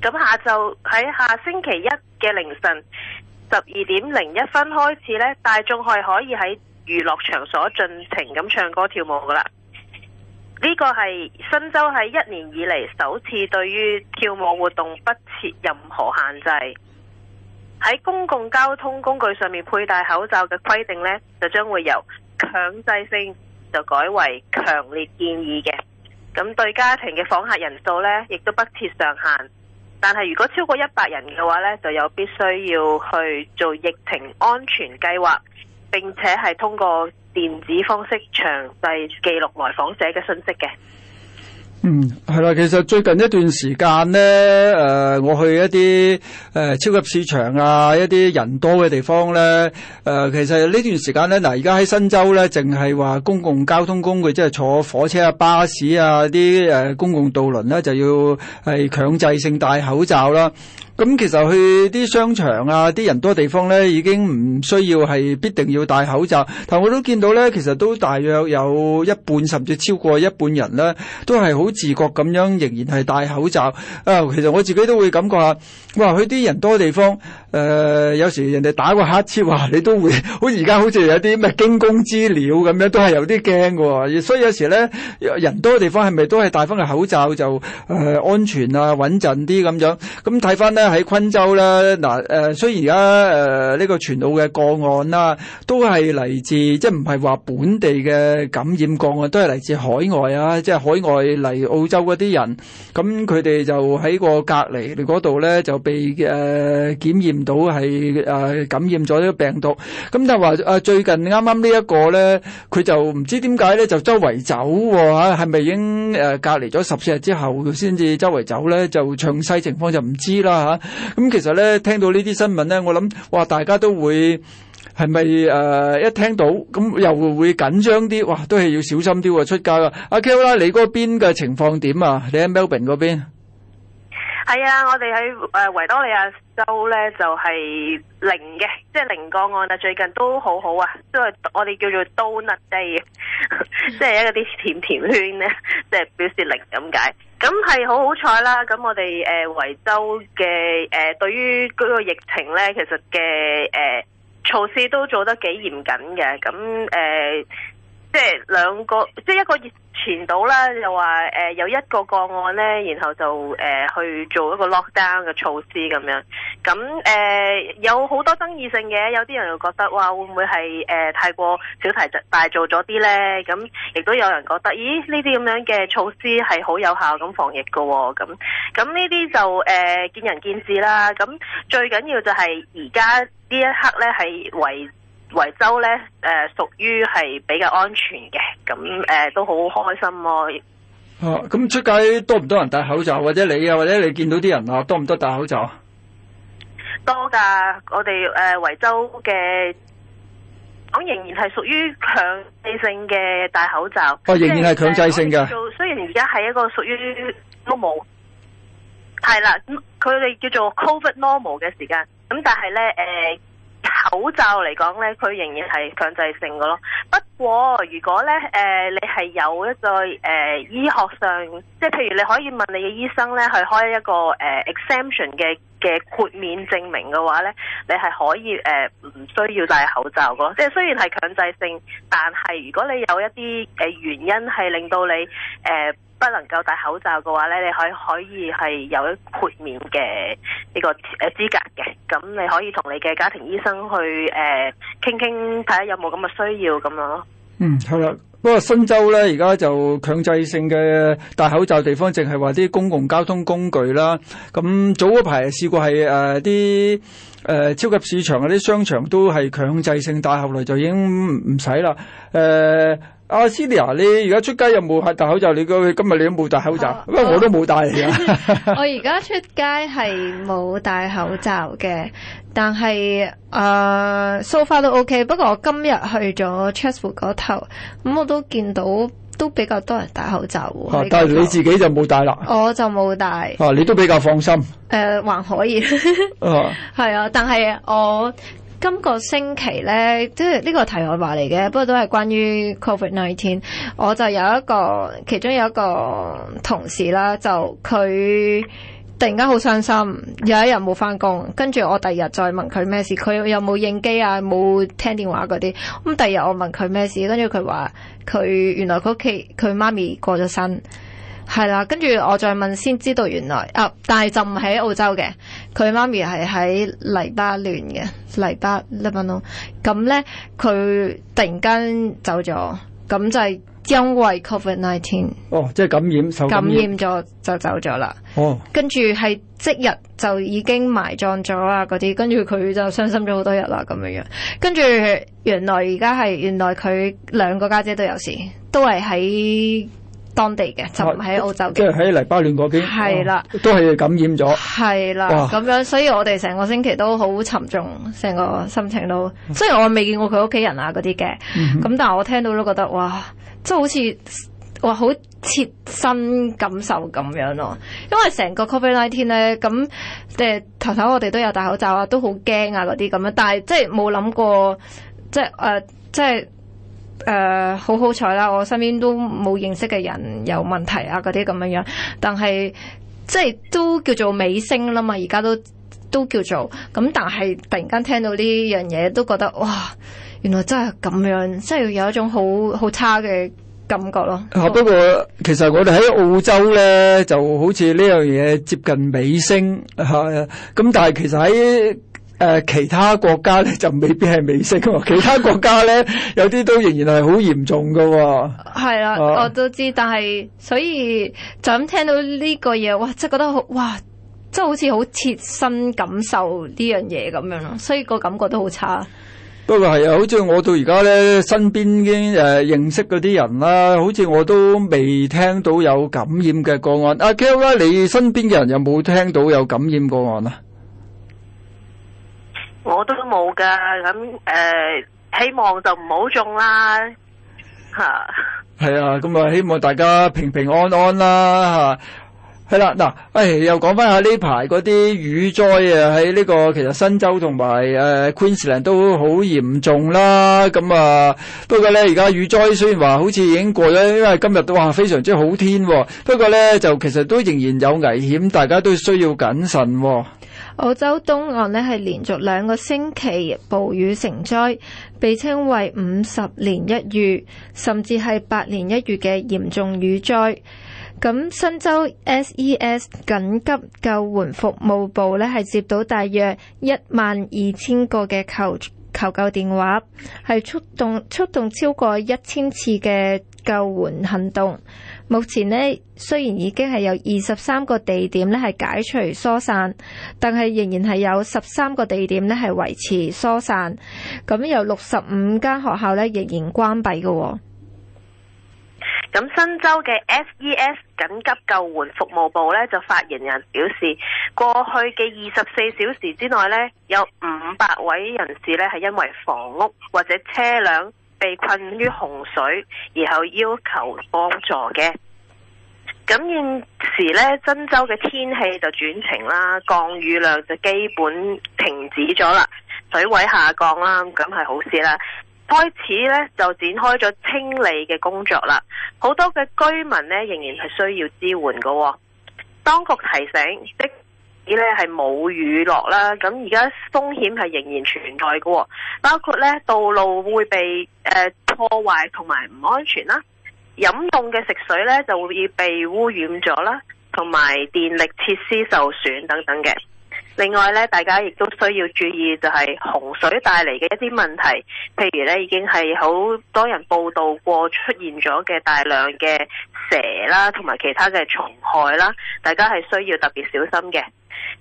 咁下晝喺下星期一嘅凌晨十二點零一分開始咧，大眾係可以喺娛樂場所盡情咁唱歌跳舞噶啦。呢個係新州喺一年以嚟首次對於跳舞活動不設任何限制。喺公共交通工具上面佩戴口罩嘅規定呢，就將會由強制性就改為強烈建議嘅。咁對家庭嘅訪客人數呢，亦都不設上限。但係如果超過一百人嘅話，咧，就有必須要去做疫情安全計劃，並且係通過電子方式詳細記錄來訪者嘅信息嘅。嗯，係啦，其實最近一段時間咧，誒、呃，我去一啲誒、呃、超級市場啊，一啲人多嘅地方咧，誒、呃，其實呢段時間咧，嗱、呃，而家喺新州咧，淨係話公共交通工具，即係坐火車啊、巴士啊啲誒、呃、公共渡輪咧，就要係強制性戴口罩啦。咁其實去啲商場啊，啲人多地方呢，已經唔需要係必定要戴口罩。但我都見到呢，其實都大約有一半甚至超過一半人呢，都係好自覺咁樣，仍然係戴口罩。啊、呃，其實我自己都會感覺下、啊，哇，去啲人多地方。誒、呃、有時人哋打個乞嗤話，你都會好而家好似有啲咩驚弓之鳥咁樣，都係有啲驚嘅。所以有時咧，人多嘅地方係咪都係戴翻個口罩就誒、呃、安全啊穩陣啲咁樣？咁睇翻呢，喺昆州啦，嗱、呃、誒，雖然而家誒呢個全澳嘅個案啦、啊，都係嚟自即係唔係話本地嘅感染個案，都係嚟自海外啊，即係海外嚟澳洲嗰啲人，咁佢哋就喺個隔離嗰度咧就被誒、呃、檢驗。到係誒感染咗呢個病毒，咁但係話啊最近啱啱呢一個咧，佢就唔知點解咧就周圍走喎嚇，係咪已經誒隔離咗十四日之後佢先至周圍走咧？就詳細情況就唔知啦嚇。咁其實咧聽到呢啲新聞咧，我諗哇大家都會係咪誒一聽到咁又會緊張啲？哇都係要小心啲喎出街啦！阿 Ko 啦，你嗰邊嘅情況點啊？你喺 Melbourne 嗰邊？係啊，我哋喺誒維多利亞。州咧就係、是、零嘅，即係零個案啦。最近都好好啊，都係我哋叫做 donut day， 即係一個啲甜甜圈咧，即係表示零咁解。咁係好好彩啦。咁我哋誒，維、呃、州嘅誒、呃，對於嗰個疫情咧，其實嘅誒、呃、措施都做得幾嚴謹嘅。咁誒。呃即係兩個，即係一個月前度啦，又話誒、呃、有一個個案咧，然後就誒、呃、去做一個 lockdown 嘅措施咁樣。咁誒、呃、有好多爭議性嘅，有啲人又覺得，哇，會唔會係誒、呃、太過小題大做咗啲咧？咁亦都有人覺得，咦，呢啲咁樣嘅措施係好有效咁防疫噶、哦？咁咁呢啲就誒、呃、見仁見智啦。咁最緊要就係而家呢一刻咧係為。維州咧，誒屬於係比較安全嘅，咁誒都好開心咯。哦，咁出街多唔多人戴口罩，或者你啊，或者你見到啲人啊，多唔多戴口罩啊？多噶，我哋誒維州嘅，咁仍然係屬於強制性嘅戴口罩。哦，仍然係強制性㗎。做雖然而家係一個屬於 normal，係啦，咁佢哋叫做 COVID normal 嘅時間，咁但係咧，誒、呃。口罩嚟講呢，佢仍然係強制性㗎咯。不過，如果呢誒、呃，你係有一個誒、呃、醫學上，即係譬如你可以問你嘅醫生呢，去開一個誒、呃、exemption 嘅嘅豁免證明嘅話呢，你係可以誒唔、呃、需要戴口罩咯。即係雖然係強制性，但係如果你有一啲嘅原因係令到你誒。呃不能夠戴口罩嘅話咧，你可以可以係有一豁免嘅呢個誒資格嘅，咁你可以同你嘅家庭醫生去誒傾傾，睇下有冇咁嘅需要咁樣咯。嗯，係啦，不過新州咧，而家就強制性嘅戴口罩地方，淨係話啲公共交通工具啦。咁早排試過係誒啲誒超級市場嗰啲商場都係強制性戴，後來就已經唔使啦。誒、呃。阿、ah, Celia，你而家出街有冇戴口罩？你今日你有有 oh, oh. 都冇戴， 戴口罩，不過我都冇戴。我而家出街係冇戴口罩嘅，但係誒，so、uh, far、so、都 OK。不過我今日去咗 Chester 嗰頭，咁、嗯、我都見到都比較多人戴口罩。Ah, 但係你自己就冇戴啦？我就冇戴。啊，ah, 你都比較放心。誒、呃，還可以。啊，係啊，但係我。今個星期咧，都係呢個題外話嚟嘅，不過都係關於 COVID-19。19, 我就有一個，其中有一個同事啦，就佢突然間好傷心，有一日冇翻工。跟住我第二日再問佢咩事，佢有冇應機啊，冇聽電話嗰啲。咁、嗯、第二日我問佢咩事，跟住佢話佢原來佢屋企佢媽咪過咗身。係啦，跟住我再問先知道原來啊，但係就唔喺澳洲嘅，佢媽咪係喺黎巴嫩嘅，黎巴黎巴奴，咁咧佢突然間走咗，咁就係因為 Covid nineteen。19, 哦，即係感染受感染咗就走咗啦。哦，跟住係即日就已經埋葬咗啊嗰啲，跟住佢就傷心咗好多日啦咁樣樣。跟住原來而家係原來佢兩個家姐，姐都有事，都係喺。當地嘅、啊、就唔喺澳洲，嘅。即係喺黎巴嫩嗰邊，係啦，啊、都係感染咗，係啦，咁哇樣，所以我哋成個星期都好沉重，成個心情都，雖然我未見過佢屋企人啊嗰啲嘅，咁、嗯、哼但係我聽到都覺得哇，即係好似哇好切身感受咁樣咯、啊，因為成個 COVID nineteen 咧，咁誒頭頭我哋都有戴口罩啊，都好驚啊嗰啲咁樣，但係即係冇諗過，即係誒、呃，即係。誒，好好彩啦！我身邊都冇認識嘅人有問題啊，嗰啲咁樣樣。但係即係都叫做尾聲啦嘛，而家都都叫做咁。但係突然間聽到呢樣嘢，都覺得哇，原來真係咁樣，真係有一種好好差嘅感覺咯。啊嗯、不過其實我哋喺澳洲咧，就好似呢樣嘢接近尾聲，係啊。咁但係其實喺誒、呃，其他國家咧就未必係美式嘅，其他國家咧 有啲都仍然係好嚴重嘅、啊。係啦的，啊、我都知，但係所以就咁聽到呢個嘢，哇，真係覺得好，哇，真係好似好切身感受呢樣嘢咁樣咯，所以個感覺都好差。不過係、呃、啊，好似我到而家咧，身邊已經誒認識嗰啲人啦，好似我都未聽到有感染嘅個案。阿 Kelvin，你身邊嘅人有冇聽到有感染個案啊？我都冇噶，咁誒、呃，希望就唔好中啦，吓。係啊，咁啊，希望大家平平安安啦，吓、啊。係啦、啊，嗱，誒、哎，又講翻下呢排嗰啲雨災啊，喺呢個其實新州同埋誒 Queensland 都好嚴重啦。咁啊，不過咧，而家雨災雖然話好似已經過咗，因為今日都話非常之好天、啊，不過咧就其實都仍然有危險，大家都需要謹慎、啊。澳洲東岸呢係連續兩個星期暴雨成災，被稱為五十年一遇，甚至係八年一遇嘅嚴重雨災。咁新州 SES 緊急救援服務部呢係接到大約一萬二千個嘅求求救電話，係出動出動超過一千次嘅救援行動。目前呢，雖然已經係有二十三個地點咧係解除疏散，但係仍然係有十三個地點咧係維持疏散。咁有六十五間學校咧仍然關閉嘅、哦。咁新州嘅 FES 緊急救援服務部咧就發言人表示，過去嘅二十四小時之內呢，有五百位人士咧係因為房屋或者車輛，被困於洪水，然後要求幫助嘅。咁現時呢，真州嘅天氣就轉晴啦，降雨量就基本停止咗啦，水位下降啦，咁係好事啦。開始呢，就展開咗清理嘅工作啦，好多嘅居民呢，仍然係需要支援噶喎。當局提醒。啲咧係冇雨落啦，咁而家風險係仍然存在嘅，包括咧道路會被誒破壞同埋唔安全啦，飲用嘅食水咧就會被污染咗啦，同埋電力設施受損等等嘅。另外咧，大家亦都需要注意就係洪水帶嚟嘅一啲問題，譬如咧已經係好多人報道過出現咗嘅大量嘅蛇啦，同埋其他嘅蟲害啦，大家係需要特別小心嘅。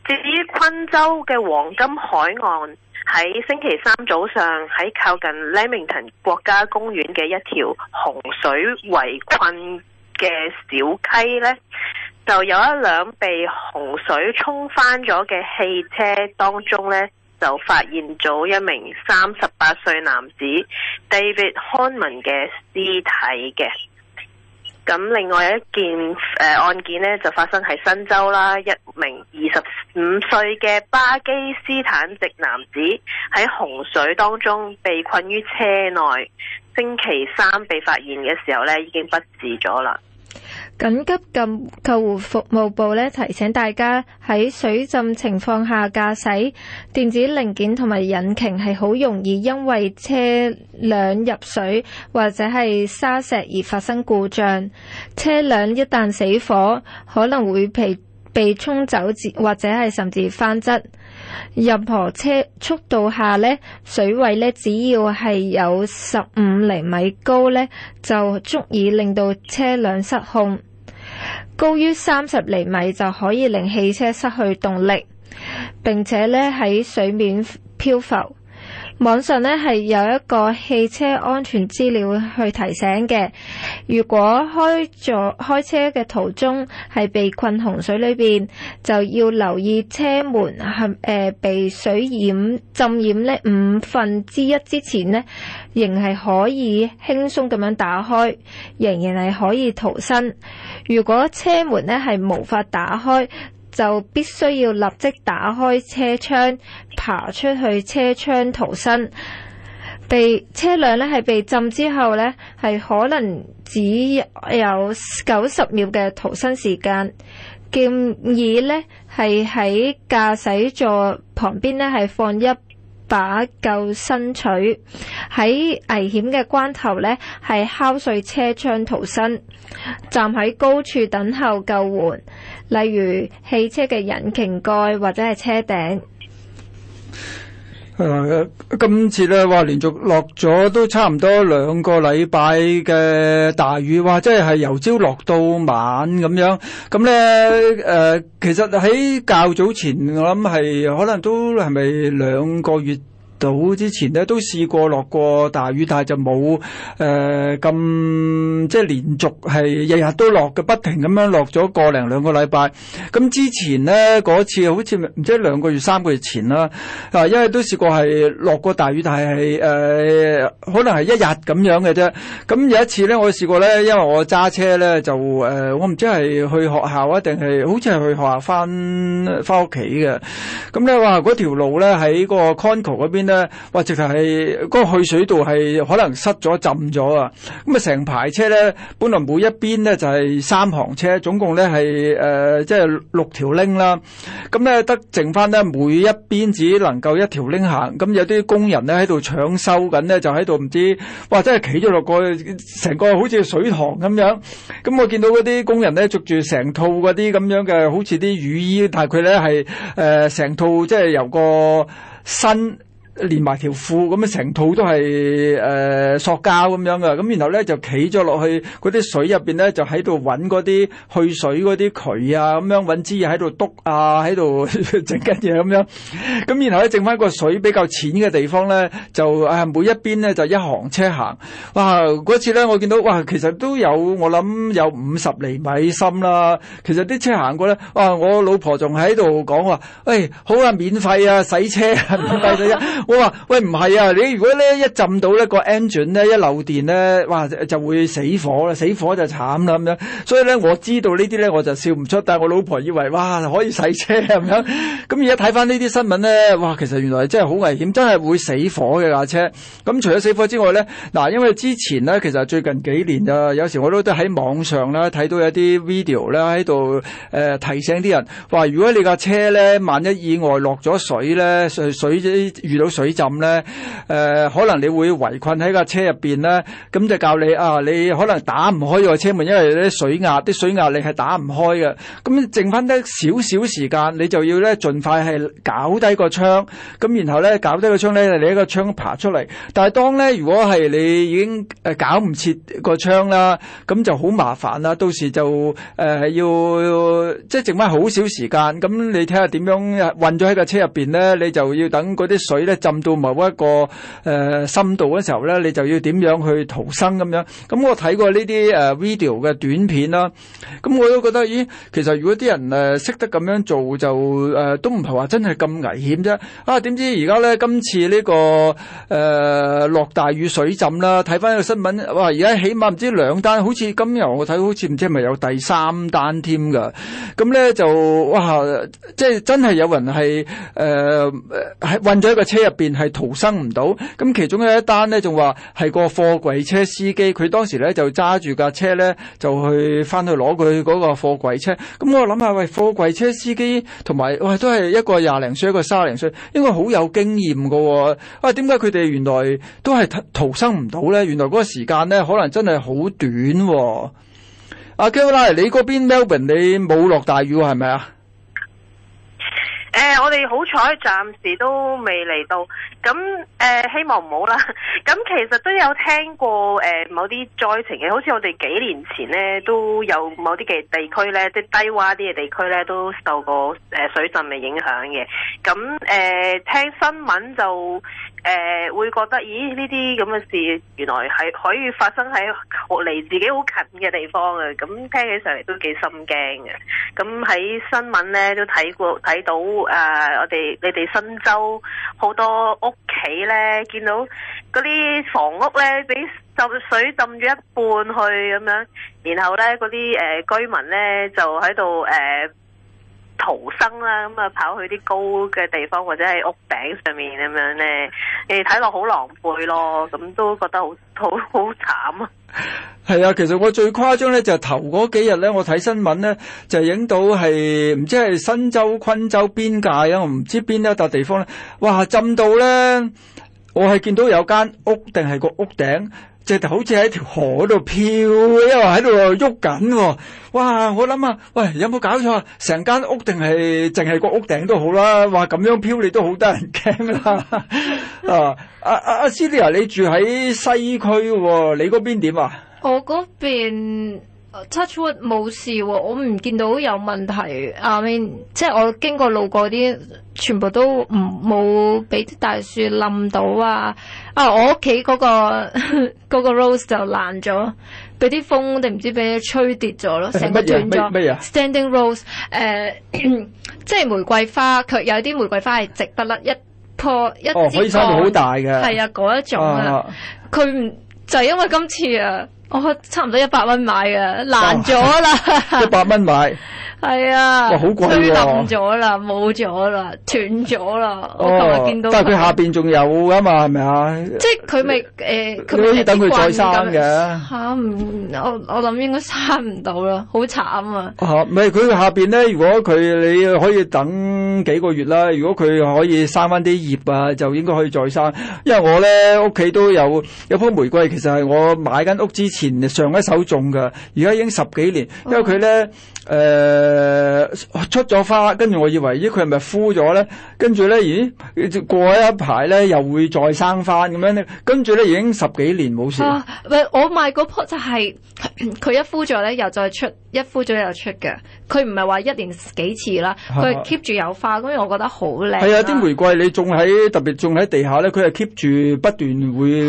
至於昆州嘅黃金海岸，喺星期三早上，喺靠近 Lamington 國家公園嘅一條洪水圍困嘅小溪呢，就有一輛被洪水沖翻咗嘅汽車當中呢，就發現咗一名三十八歲男子 David Harmon 嘅屍體嘅。咁另外一件誒案件咧，就發生喺新州啦。一名二十五歲嘅巴基斯坦籍男子喺洪水當中被困於車內，星期三被發現嘅時候咧，已經不治咗啦。緊急救救護服務部呢，提醒大家，喺水浸情況下駕駛，電子零件同埋引擎係好容易因為車輛入水或者係沙石而發生故障。車輛一旦死火，可能會被被沖走，或者係甚至翻側。任何車速度下呢，水位呢只要係有十五厘米高呢，就足以令到車輛失控；高於三十厘米就可以令汽車失去動力，並且呢喺水面漂浮。網上呢係有一個汽車安全資料去提醒嘅，如果開咗開車嘅途中係被困洪水裏邊，就要留意車門係誒、呃、被水淹浸淹呢五分之一之前呢，仍係可以輕鬆咁樣打開，仍然係可以逃生。如果車門呢係無法打開，就必須要立即打開車窗，爬出去車窗逃生。被車輛呢係被浸之後，呢係可能只有九十秒嘅逃生時間。建議呢係喺駕駛座旁邊，呢係放一把救生錘，喺危險嘅關頭呢係敲碎車窗逃生，站喺高處等候救援。例如汽車嘅引擎蓋或者係車頂，係啦。今次咧話連續落咗都差唔多兩個禮拜嘅大雨，哇！即係由朝落到晚咁樣。咁咧誒，其實喺較早前，我諗係可能都係咪兩個月？早之前咧都試過落過大雨，但係就冇誒咁即係連續係日日都落嘅，不停咁樣落咗個零兩個禮拜。咁之前咧嗰次好似唔知兩個月三個月前啦，啊，因為都試過係落過大雨，但係係誒可能係一日咁樣嘅啫。咁有一次咧，我試過咧，因為我揸車咧就誒、呃、我唔知係去學校啊，定係好似係去學校翻翻屋企嘅。咁咧話條路咧喺個 Concor 嗰邊咧。哇！直頭係嗰個去水道係可能塞咗、浸咗啊！咁啊，成排車咧，本來每一邊呢就係三行車，總共咧係誒，即、呃、係、就是、六條拎啦。咁咧得剩翻咧，每一邊只能夠一條拎行。咁有啲工人咧喺度搶修緊呢，就喺度唔知哇！真係企咗落去，成個好似水塘咁樣。咁我見到嗰啲工人咧，着住成套嗰啲咁樣嘅，好似啲雨衣，但係佢咧係誒成套即係由個身。連埋條褲咁啊，成套都係誒塑膠咁樣嘅。咁然後咧就企咗落去嗰啲水入邊咧，就喺度揾嗰啲去水嗰啲渠啊，咁樣揾枝嘢喺度篤啊，喺度整緊嘢咁樣。咁然後咧，剩翻個水比較淺嘅地方咧，就誒每一邊咧就一行車行。哇！嗰次咧我見到哇，其實都有我諗有五十厘米深啦。其實啲車行過咧，哇！我老婆仲喺度講話：誒好啊，免費啊，洗車啊，免費洗車。我話：喂，唔係啊！你如果咧一浸到咧，呢個 engine 咧一漏電咧，哇，就會死火啦！死火就慘啦咁樣，所以咧，我知道呢啲咧，我就笑唔出。但係我老婆以為哇，可以洗車咁樣，咁而家睇翻呢啲新聞咧，哇，其實原來真係好危險，真係會死火嘅架車咁。除咗死火之外咧，嗱，因為之前咧，其實最近幾年啊，有時我都都喺網上咧睇到有啲 video 咧喺度誒提醒啲人話，如果你架車咧萬一意外落咗水咧，水水遇到水浸咧，誒、呃、可能你會圍困喺架車入邊咧，咁就教你啊，你可能打唔開個車門，因為啲水壓，啲水壓你係打唔開嘅。咁剩翻得少少時間，你就要咧盡快係搞低個窗，咁然後咧搞低個窗咧，你喺個窗爬出嚟。但係當咧，如果係你已經誒搞唔切個窗啦，咁就好麻煩啦。到時就誒、呃、要即係剩翻好少時間，咁你睇下點樣困咗喺架車入邊咧，你就要等嗰啲水咧。浸到某一個誒、呃、深度嘅時候咧，你就要點樣去逃生咁樣咁、嗯、我睇過呢啲誒 video 嘅短片啦、啊，咁、嗯、我都覺得，咦，其實如果啲人誒識、呃、得咁樣做就，就、呃、誒都唔係話真係咁危險啫。啊，點知而家咧今次呢、這個誒落、呃、大雨水浸啦，睇翻個新聞哇！而家起碼唔知兩單好似今日我睇好似唔知係咪有第三單添㗎？咁、嗯、咧就哇，即、就、係、是、真係有人係誒係困咗一個車入入邊係逃生唔到？咁其中有一單呢，仲話係個貨櫃車司機，佢當時咧就揸住架車咧，就，呢就去翻去攞佢嗰個貨櫃車。咁我諗下，喂貨櫃車司機同埋，喂，哎、都係一個廿零歲，一個卅零歲，應該好有經驗噶、哦。哇、哎，點解佢哋原來都係逃生唔到咧？原來嗰個時間咧，可能真係好短、哦。阿、啊、Kelly 你嗰邊 Melbourne 你冇落大雨係咪啊？是誒、呃，我哋好彩，暫時都未嚟到。咁誒、呃，希望唔好啦。咁其實都有聽過誒、呃，某啲災情嘅，好似我哋幾年前咧都有某啲嘅地區咧，即係低洼啲嘅地區咧，都受過誒、呃、水浸嘅影響嘅。咁誒、呃，聽新聞就。誒、呃，會覺得，咦？呢啲咁嘅事，原來係可以發生喺離自己好近嘅地方嘅，咁聽起上嚟，都幾心驚嘅。咁喺新聞咧都睇過睇到，誒、呃，我哋你哋新州好多屋企咧，見到嗰啲房屋咧，俾浸水浸住一半去咁樣，然後咧嗰啲，誒居民咧就喺度誒。呃逃生啦，咁啊跑去啲高嘅地方，或者喺屋頂上面咁樣咧，誒睇落好狼狽咯，咁都覺得好好好慘啊。係啊，其實我最誇張咧就係頭嗰幾日咧，我睇新聞咧就影到係唔知係新州、昆州邊界啊，我唔知邊一笪地方咧，哇浸到咧，我係見到有間屋定係個屋頂。即係好似喺條河度漂，因為喺度喐緊，哇！我諗啊，喂，有冇搞錯啊？成間屋定係淨係個屋頂都好啦，話咁樣漂你都好得人驚啦。啊，阿阿阿 Celia，你住喺西區，啊，你嗰邊點啊？我嗰邊。Touch wood 冇事喎、哦，我唔見到有問題。阿 I May mean，即係我經過路過啲，全部都唔冇俾啲大樹冧到啊！啊，我屋企嗰個 rose 就爛咗，俾啲風定唔知俾佢吹跌咗咯，成個斷咗。欸、Standing rose，誒、呃， 即係玫瑰花，佢有啲玫瑰花係直不甩一，哦、一棵一好大個。係啊，嗰一種啊，佢、啊、就係、因為今次啊。我、oh, 差唔多一百蚊買嘅，爛咗啦！一百蚊買。係啊，好衰冧咗啦，冇咗啦，斷咗啦！我今日見到、哦，但係佢下邊仲有噶嘛，係咪 啊？即係佢咪誒，佢咪可以等佢再生嘅吓？我我諗應該生唔到啦，好慘啊！吓，啊，唔係佢下邊咧？如果佢你可以等幾個月啦。如果佢可以生翻啲葉啊，就應該可以再生。因為我咧屋企都有，有一棵玫瑰，其實係我買間屋之前上一手種噶，而家已經十幾年。因為佢咧誒。誒、呃，出咗花，跟住我以為，咦，佢係咪枯咗咧？跟住咧，咦？過咗一排咧，又會再生翻咁樣咧。跟住咧，已經十幾年冇事。唔我買嗰樖就係佢一枯咗咧，又再出；一枯咗又出嘅。佢唔係話一年幾次啦，佢 keep 住有花。咁樣我覺得好靚。係啊，啲玫瑰你種喺特別種喺地下咧、啊，佢係 keep 住不斷會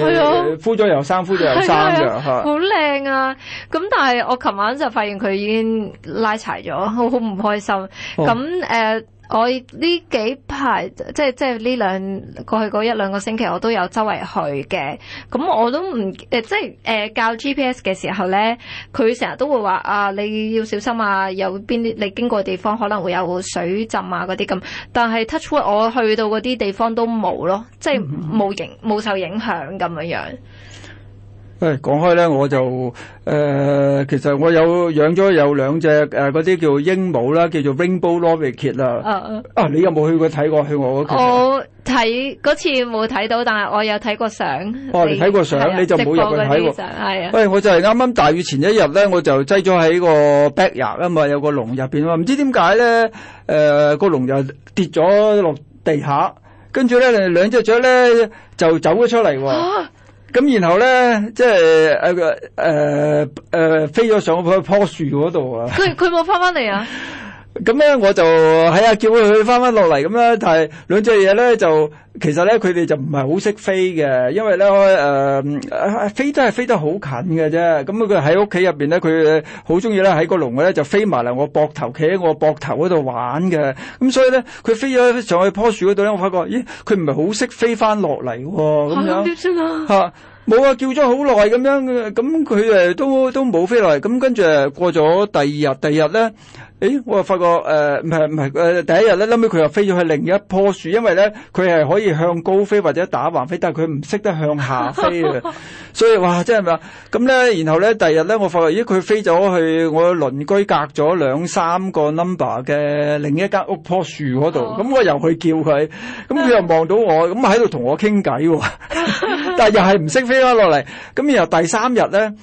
枯咗又，又生，枯咗又生嘅好靚啊！咁是、啊啊、但係我琴晚就發現佢已經拉柴咗，我好唔開心。咁誒。我呢幾排即係即係呢兩過去嗰一兩個星期，我都有周圍去嘅。咁我都唔誒，即係誒、呃、教 GPS 嘅時候咧，佢成日都會話啊，你要小心啊，有邊啲你經過嘅地方可能會有水浸啊嗰啲咁。但係 touch wood 我去到嗰啲地方都冇咯，即係冇影冇受影響咁樣樣。誒，講開咧，我就誒、呃，其實我有養咗有兩隻誒，嗰、呃、啲叫鸚鵡啦，叫做 Rainbow Lorikeet 啦。啊啊！你有冇去過睇過？去我嗰度。我睇嗰次冇睇到，但係我有睇過相。哇！你睇過相，你，的你就冇入去睇過。係啊。喂、哎，我就係啱啱大雨前一日咧，我就擠咗喺個 back yard 啊嘛，有個籠入邊啊嘛，唔知點解咧，誒、那個籠又跌咗落地下，跟住咧兩隻雀咧就走咗出嚟喎。啊咁然後咧，即係誒誒誒飛咗上棵棵樹嗰度啊！佢佢冇翻翻嚟啊！咁咧，我就係啊，叫佢去翻翻落嚟咁啦。但係兩隻嘢咧，就其實咧，佢哋就唔係好識飛嘅，因為咧，誒、呃啊、飛都係飛得好近嘅啫。咁佢喺屋企入邊咧，佢好中意咧喺個籠咧就飛埋嚟我膊頭，企喺我膊頭嗰度玩嘅。咁、嗯、所以咧，佢飛咗上去樖樹嗰度咧，我發覺咦，佢唔係好識飛翻落嚟喎。嚇點算啊？嚇冇啊！嗯嗯、叫咗好耐咁樣，咁佢誒都都冇飛落嚟。咁跟住過咗第二日，第二日咧。誒、欸，我又發覺誒，唔係唔係誒，第一日咧，後尾佢又飛咗去另一棵樹，因為咧，佢係可以向高飛或者打橫飛，但係佢唔識得向下飛啊， 所以話，真係咪啊？咁、嗯、咧，然後咧，第二日咧，我發覺咦，佢飛咗去我鄰居隔咗兩三個 number 嘅另一間屋棵樹嗰度，咁、 嗯、我又去叫佢，咁佢又望到我，咁啊喺度同我傾偈喎，嗯、 但係又係唔識飛翻落嚟，咁然後第三日咧。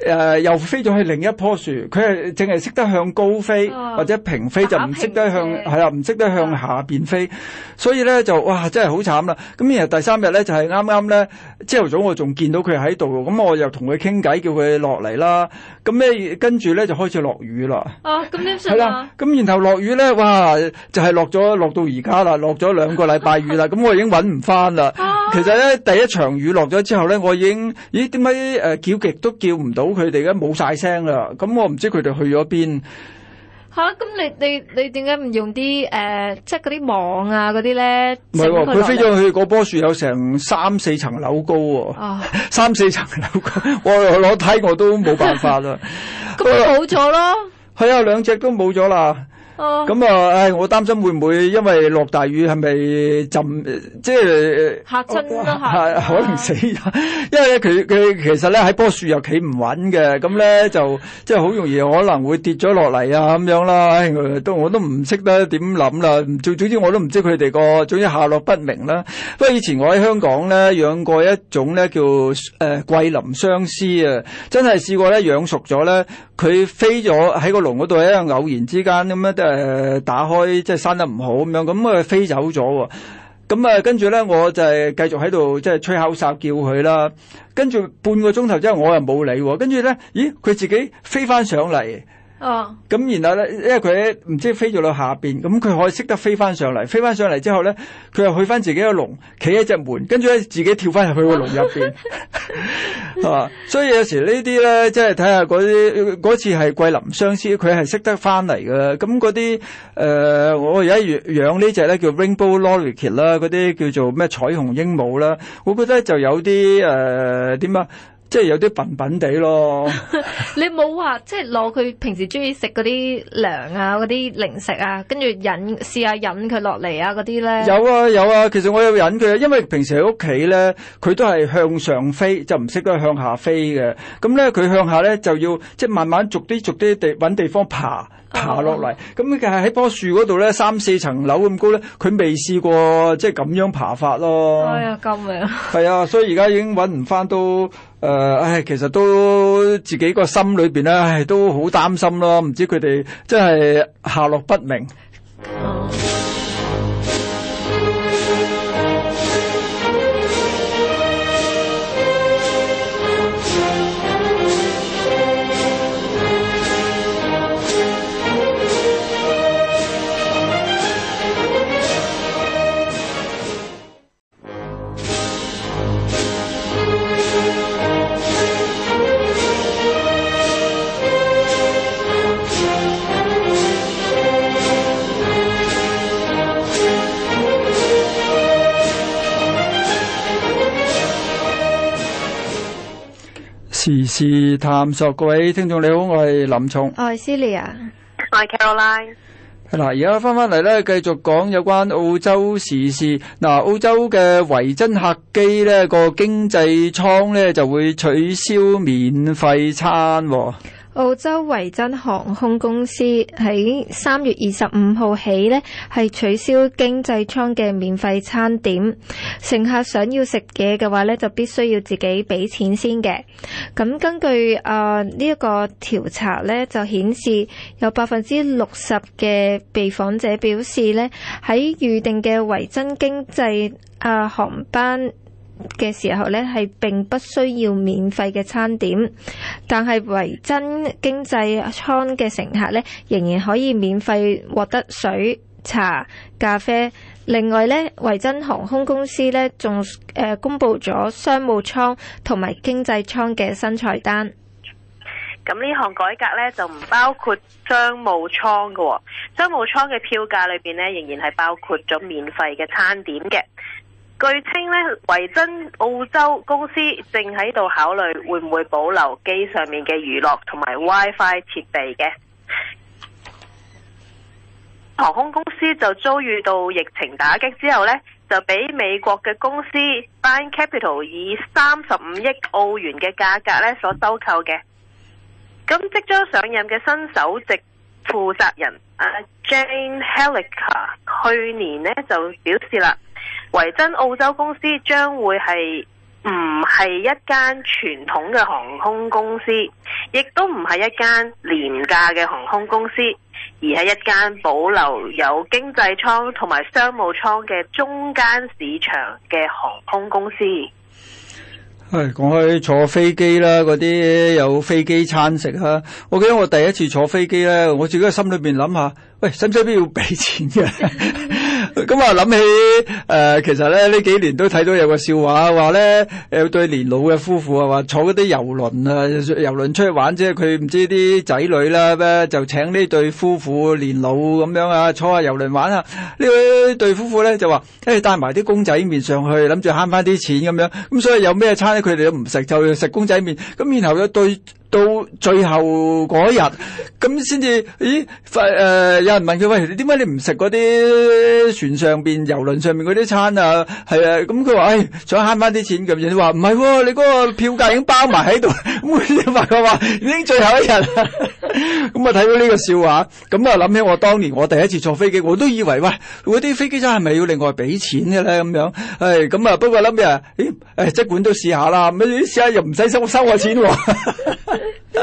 誒、呃、又飛咗去另一棵樹，佢係淨係識得向高飛、啊、或者平飛，平就唔識得向係啊，唔識得向下邊飛。啊、所以咧就哇，真係好慘啦！咁然後第三日咧就係啱啱咧朝頭早我仲見到佢喺度，咁我又同佢傾偈，叫佢落嚟啦。咁、嗯、咧跟住咧就開始落雨啦、啊。啊，咁點算啊？係啦，咁然後落雨咧，哇！就係落咗落到而家啦，落咗兩個禮拜雨啦。咁 我已經揾唔翻啦。啊、其實咧第一場雨落咗之後咧，我已經咦點解誒叫極都叫唔到？佢哋而家冇晒聲啦，咁、嗯、我唔知佢哋去咗邊。吓、啊，咁你你你點解唔用啲誒、呃，即係嗰啲網啊嗰啲咧？唔係，佢、啊、飛咗去嗰棵樹有成三四層樓高喎、啊，啊、三四層樓高，我攞梯我都冇 辦法啦、啊。咁冇咗咯。係啊，兩隻都冇咗啦。咁啊、uh，唉，我擔心會唔會因為落大雨係咪浸？呃、即係嚇親啦嚇，可能死。 因為咧，佢佢其實咧喺棵樹又企唔穩嘅，咁咧就即係好容易可能會跌咗落嚟啊咁樣啦。都我都唔識得點諗啦。最總，總之我都唔知佢哋個總之下落不明啦。不過以前我喺香港咧養過一種咧叫誒、呃、桂林相思啊，真係試過咧養熟咗咧。佢飛咗喺個籠嗰度，喺偶然之間咁樣都係打開，即係閂得唔好咁樣，咁佢飛走咗喎。咁啊，跟住咧，我就係繼續喺度即係吹口哨叫佢啦。跟住半個鐘頭之後，我又冇理喎。跟住咧，咦，佢自己飛翻上嚟。哦，咁然後咧，因為佢唔知飛咗落下邊，咁佢可以識得飛翻上嚟，飛翻上嚟之後咧，佢又去翻自己個籠，企喺隻門，跟住咧自己跳翻入去個籠入邊，係嘛？所以有時呢啲咧，即係睇下嗰啲嗰次係桂林相思，佢係識得翻嚟嘅。咁嗰啲誒，我而家養呢隻咧叫 Rainbow Lorikeet 啦，嗰啲叫做咩彩虹鸚鵡啦，我覺得就有啲誒點啊～、呃即係有啲笨笨地咯 你，你冇話即係攞佢平時中意食嗰啲糧啊、嗰啲零食啊，跟住引試，試下引佢落嚟啊嗰啲咧？呢有啊有啊，其實我有引佢，因為平時喺屋企咧，佢都係向上飛，就唔識得向下飛嘅。咁咧佢向下咧就要即係、就是、慢慢逐啲逐啲地揾地方爬。爬落嚟，咁佢係喺樖樹嗰度咧，三四層樓咁高咧，佢未試過，即係咁樣爬法咯。哎呀，救命！係啊，所以而家已經揾唔返都，誒、呃，其實都自己個心裏邊咧，都好擔心咯，唔知佢哋即係下落不明。Oh. 時事探索，各位聽眾你好，我係林聰，我係 Celia，我係 Caroline。嗱，而家翻翻嚟咧，繼續講有關澳洲時事。嗱，澳洲嘅維珍客機咧，個經濟艙咧就會取消免費餐。澳洲維珍航空公司喺三月二十五號起呢，係取消經濟艙嘅免費餐點。乘客想要食嘢嘅話呢，就必須要自己俾錢先嘅。咁、嗯、根據啊呢一個調查呢，就顯示有百分之六十嘅被訪者表示呢，喺預定嘅維珍經濟啊、呃、航班嘅時候呢，係並不需要免費嘅餐點，但係維珍經濟艙嘅乘客呢，仍然可以免費獲得水、茶、咖啡。另外呢，維珍航空公司呢，仲誒公布咗商務艙同埋經濟艙嘅新菜單。咁呢項改革呢，就唔包括商務艙嘅哦，商務艙嘅票價裏邊呢，仍然係包括咗免費嘅餐點嘅。據稱咧，維珍澳洲公司正喺度考慮會唔會保留機上面嘅娛樂同埋 WiFi 設備，嘅航空公司就遭遇到疫情打擊之後呢，就俾美國嘅公司 Bain Capital 以三十五億澳元嘅價格咧所收購嘅。咁即將上任嘅新首席負責人阿 Jane Helica 去年呢就表示啦。維珍澳洲公司將會係唔係一間傳統嘅航空公司，亦都唔係一間廉價嘅航空公司，而係一間保留有經濟艙同埋商務艙嘅中間市場嘅航空公司。係講開坐飛機啦，嗰啲有飛機餐食啊！我記得我第一次坐飛機咧，我自己喺心裏邊諗下，喂，使唔使都要俾錢嘅，啊？ 咁啊諗起誒、呃，其實咧呢幾年都睇到有個笑話，話咧有對年老嘅夫婦啊，話坐嗰啲遊輪啊，遊輪出去玩啫。佢唔知啲仔女啦，咩、啊、就請呢對夫婦年老咁樣啊，坐下遊輪玩啊。呢對夫婦咧就話，跟、哎、帶埋啲公仔麵上去，諗住慳翻啲錢咁樣。咁、嗯、所以有咩餐咧，佢哋都唔食，就食公仔麵。咁、嗯、然後有對。到最後嗰日，咁先至咦？誒、呃、有人問佢：喂，你點解你唔食嗰啲船上邊遊輪上面嗰啲餐啊？係啊，咁佢話：誒、哎、想慳返啲錢咁樣。你話唔係喎，你嗰個票價已經包埋喺度。咁佢就話：佢話已經最後一日。咁啊，睇 到呢個笑話，咁啊諗起我當年我第一次坐飛機，我都以為喂，嗰啲飛機餐係咪要另外俾錢嘅咧？咁樣，誒咁啊。不過諗嘅，誒、哎，即管都試下啦。咁試下又唔使收收我錢、啊。誒、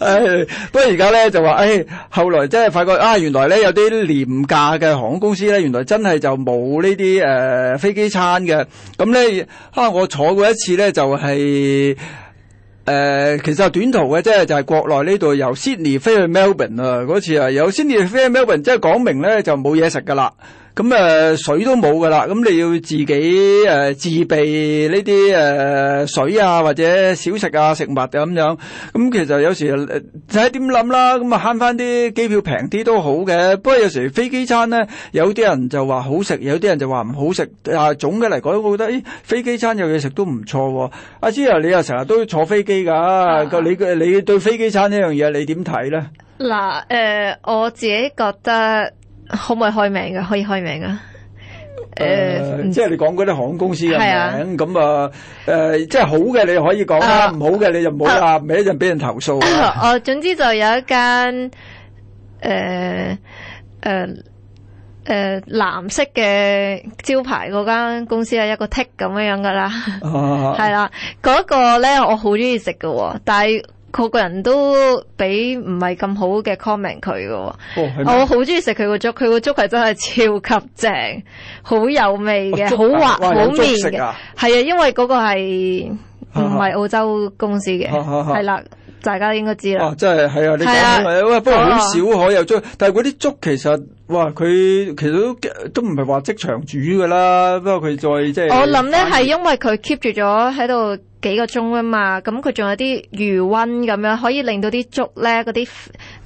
哎，不過而家咧就話，誒、哎，後來真係發覺啊，原來咧有啲廉價嘅航空公司咧，原來真係就冇、呃、呢啲誒飛機餐嘅。咁咧，啊，我坐過一次咧，就係、是。誒、呃，其實短途嘅啫，就係國內呢度由 Sydney 飛去 Melbourne 啊，嗰次啊由 Sydney 飛去 Melbourne，即係講明咧就冇嘢食噶啦。咁誒、嗯、水都冇㗎啦，咁、嗯、你要自己誒、呃、自備呢啲誒水啊，或者小食啊、食物啊咁樣。咁、嗯、其實有時睇點諗啦，咁啊慳翻啲機票平啲都好嘅。不過有時飛機餐咧，有啲人就話好食，有啲人就話唔好食。但係總嘅嚟講，我覺得誒飛機餐有嘢食都唔錯，啊。阿芝，啊，你又成日都坐飛機㗎？啊、你你對飛機餐呢樣嘢你點睇咧？嗱誒、啊呃，我自己覺得。可唔可以開名㗎？可以開名㗎！誒，即係你講嗰啲航空公司嘅名，咁啊，誒，即係好嘅，你可以講；唔好嘅，你就唔好啊，咪一陣俾人投訴。哦，總之就有一間誒誒誒藍色嘅招牌嗰間公司係一個 tick 咁樣樣噶啦，係啦，嗰個咧我好中意食噶，但係個個人都俾唔係咁好嘅 comment 佢嘅，我好中意食佢個粥，佢個粥係真係超級正，好有味嘅，好滑好綿嘅。係啊，因為嗰個係唔係澳洲公司嘅？係啦，大家應該知啦。真係係啊，你講係啊，不過好少可有粥，但係嗰啲粥其實哇，佢其實都都唔係話即場煮㗎啦，不過佢再即係我諗咧，係因為佢 keep 住咗喺度，幾個鐘啊嘛，咁佢仲有啲餘溫咁樣，可以令到啲粥咧嗰啲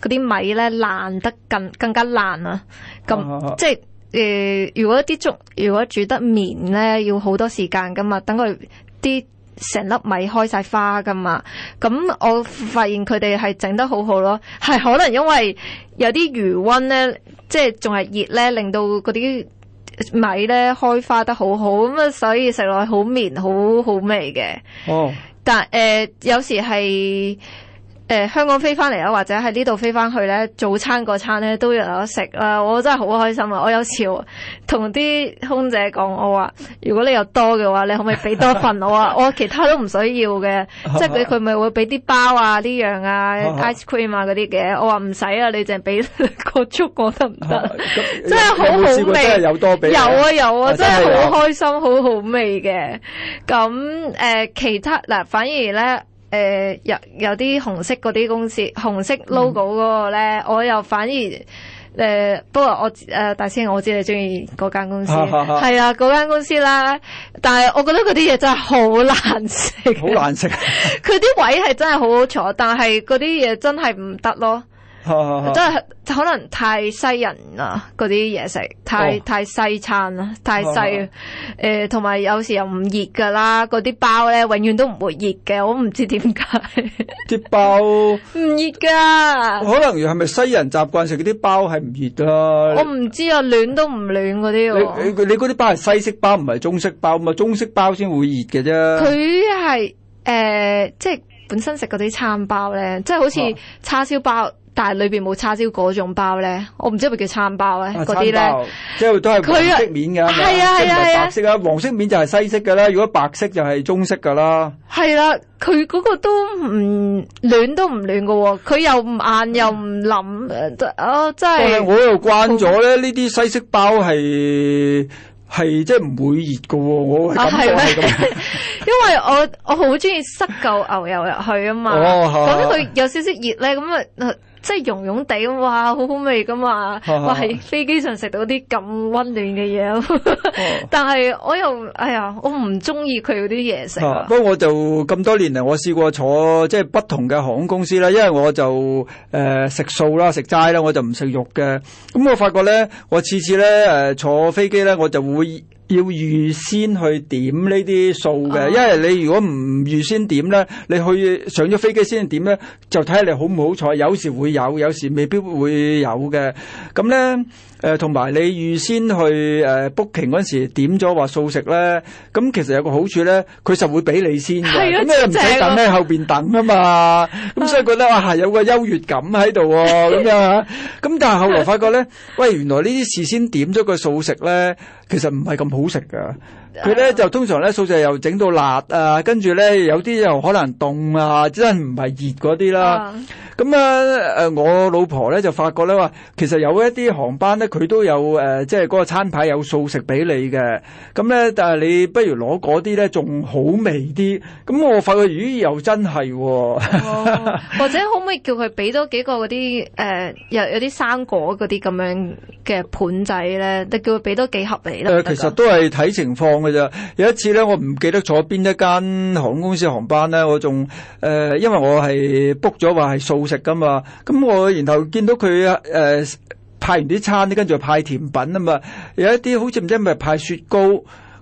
啲米咧爛得更更加爛啊！咁 即係誒、呃，如果啲粥如果煮得綿咧，要好多時間噶嘛，等佢啲成粒米開晒花噶嘛。咁我發現佢哋係整得好好咯，係可能因為有啲餘溫咧，即係仲係熱咧，令到嗰啲米咧開花得好好咁啊，所以食落去好綿好好味嘅。哦、oh.，但、呃、誒有時係。誒，香港飛翻嚟啦，或者喺呢度飛翻去咧，早餐嗰餐咧都有得食啦，我真係好開心啊！我有時同啲空姐講，我話如果你有多嘅話，你可唔可以俾多份我啊？我其他都唔需要嘅，即係佢佢咪會俾啲包啊，呢樣啊，ice cream 啊嗰啲嘅，我話唔使啊，你淨係俾個粥我得唔得？真係好好味，有啊有啊，真係好開心，好好味嘅。咁誒，其他嗱，反而咧。誒、呃，有有啲紅色嗰啲公司，紅色 logo 嗰個咧，嗯、我又反而誒，不、呃、過我誒、呃，大師兄我知你中意嗰間公司，係啊，嗰間公司啦，但係我覺得嗰啲嘢真係好難食，好難食，佢啲 位係真係好好坐，但係嗰啲嘢真係唔得咯。真係可能太西人啊，嗰啲嘢食，太、哦、太西餐啦，太西誒，同埋哈、呃、有時又唔熱噶啦，嗰啲包咧永遠都唔會熱嘅，我唔知點解啲包唔熱噶，可能係咪西人習慣食嗰啲包係唔熱啦？我唔知啊，暖都唔暖嗰啲、啊。你你嗰啲包係西式包，唔係中式包，咁啊中式包先會熱嘅啫。佢係誒，即係本身食嗰啲餐包咧，即係好似叉燒包。啊但係裏邊冇叉燒嗰種包咧，我唔知係咪叫餐包咧，嗰啲咧，即係都係黃色面嘅，係啊係啊係啊，黃色面就係西式嘅啦，如果白色就係中式噶啦。係啦，佢嗰個都唔暖都唔暖嘅喎，佢又唔硬又唔腍，誒哦真係。我又慣咗咧，呢啲西式包係係即係唔會熱嘅喎，我係咁講係咁嘅，因為我我好中意塞嚿牛油入去啊嘛，咁佢有少少熱咧，咁啊。即係融融地，哇，好好味噶嘛！我喺、啊、飛機上食到啲咁溫暖嘅嘢，啊、 但係我又，哎呀，我唔中意佢嗰啲嘢食。不過、啊、我就咁多年嚟，我試過坐即係不同嘅航空公司啦，因為我就誒、呃、食素啦，食齋啦，我就唔食肉嘅。咁我發覺咧，我次次咧誒坐飛機咧，我就會。要預先去點呢啲數嘅，因為你如果唔預先點呢，你去上咗飛機先點呢，就睇下你好唔好彩。有時會有，有時未必會有嘅。咁呢。誒同埋你預先去誒 booking 嗰時點咗話素食咧，咁其實有個好處咧，佢實會俾你先嘅，咁你又唔使等喺後邊等啊嘛，咁 所以覺得哇，有個優越感喺度喎，咁樣嚇、啊，咁但係後來發覺咧，喂 原來呢啲事先點咗個素食咧，其實唔係咁好食嘅，佢咧就通常咧素食又整到辣啊，跟住咧有啲又可能凍啊，即係唔係熱嗰啲啦。 嗯咁啊，誒、嗯、我老婆咧就發覺咧話，其實有一啲航班咧，佢都有誒、呃、即係個餐牌有素食俾你嘅。咁、嗯、咧，但係你不如攞嗰啲咧，仲好味啲。咁、嗯、我發覺咦、呃、又真係、哦，哦、 或者可唔可以叫佢俾多幾個啲誒、呃、有有啲生果啲咁樣嘅盤仔咧，就叫佢俾多幾盒嚟咧誒，其實都係睇情況嘅啫。有一次咧，我唔記得坐邊一間航空公司航班咧，我仲誒、呃、因為我係 book 咗話係素食噶嘛，咁我然後見到佢誒、呃、派完啲餐咧，跟住派甜品啊嘛，有一啲好似唔知係咪派雪糕，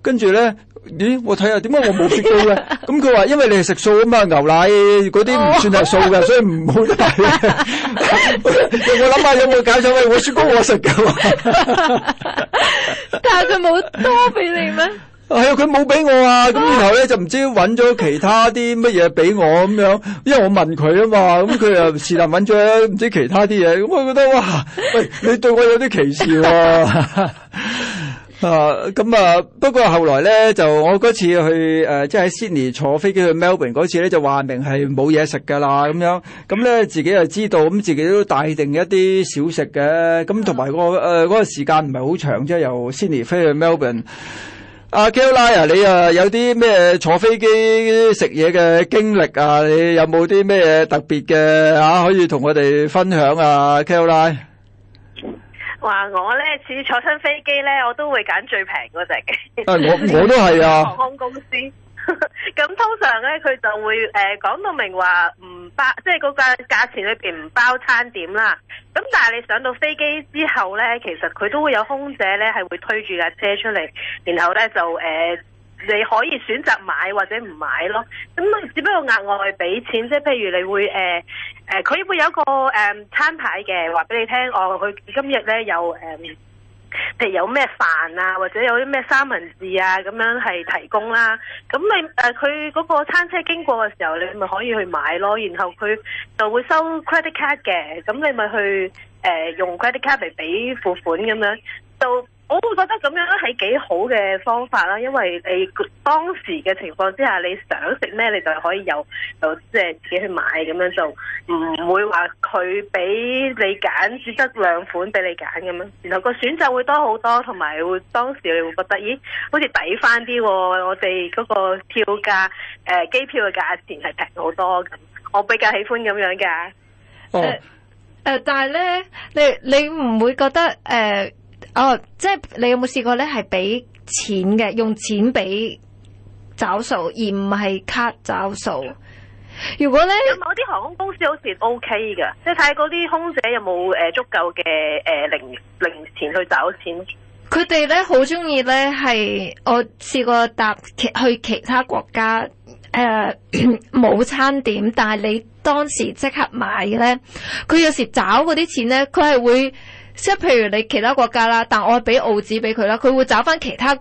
跟住咧，咦我睇下點解我冇雪糕咧？咁佢話因為你係食素啊嘛，牛奶嗰啲唔算係素嘅， 所以唔好、啊、有冇諗下有冇搞錯咧？我雪糕我食噶， 但係佢冇多俾你咩？係啊，佢冇俾我啊，咁然後咧就唔知揾咗其他啲乜嘢俾我咁樣，因為我問佢啊嘛，咁佢又是難揾咗唔知其他啲嘢，咁我覺得哇，喂，你對我有啲歧視啊！咁 啊，啊，不過後來咧就我嗰次去誒，即、呃、係喺、就是、Sydney 坐飛機去 Melbourne 嗰次咧，就話明係冇嘢食噶啦咁樣。咁咧、嗯、自己又知道，咁、嗯、自己都帶定一啲小食嘅。咁同埋個誒嗰個時間唔係好長啫，由 Sydney 飛去 Melbourne。阿 Kelly 啊，你啊有啲咩坐飛機食嘢嘅經歷啊？你有冇啲咩特別嘅嚇、啊、可以同我哋分享啊？Kelly，話我咧，次次坐親飛機咧，我都會揀最平嗰隻嘅。我我都係啊， 航空公司。咁 通常呢，佢就會誒、呃、講到明話唔包，即係嗰個價錢裏邊唔包餐點啦。咁但係你上到飛機之後呢，其實佢都會有空姐呢係會推住架車出嚟，然後呢就誒、呃、你可以選擇買或者唔買咯。咁啊，只不過額外俾錢，即係譬如你會誒誒，佢、呃呃、會有一個、呃、餐牌嘅話畀你聽，哦，佢今日呢有誒。呃譬如有咩飯啊，或者有啲咩三文治啊，咁樣係提供啦。咁你誒，佢、呃、嗰個餐車經過嘅時候，你咪可以去買咯。然後佢就會收 credit card 嘅，咁你咪去誒、呃、用 credit card 嚟俾付款咁樣到。我會覺得咁樣係幾好嘅方法啦，因為你當時嘅情況之下，你想食咩你就可以有有即係自己去買，咁樣就唔會話佢俾你揀只得兩款俾你揀咁樣，然後個選擇會多好多，同埋會當時你會覺得，咦，好似抵翻啲，我哋嗰個票價誒機票嘅價錢係平好多。咁我比較喜歡咁樣嘅、啊哦呃。但係呢，你你唔會覺得誒？呃哦，oh，即係你有冇試過咧？係俾錢嘅，用錢俾找數，而唔係卡找數。如果咧，有某啲航空公司好似 OK 嘅，即係睇嗰啲空姐有冇誒足夠嘅誒零零錢去找錢。佢哋咧好中意咧係，我試過搭去其他國家誒，冇、呃、 餐點，但係你當時即刻買嘅咧，佢有時找嗰啲錢咧，佢係會。即係譬如你其他國家啦，但我俾澳紙俾佢啦，佢會找翻其他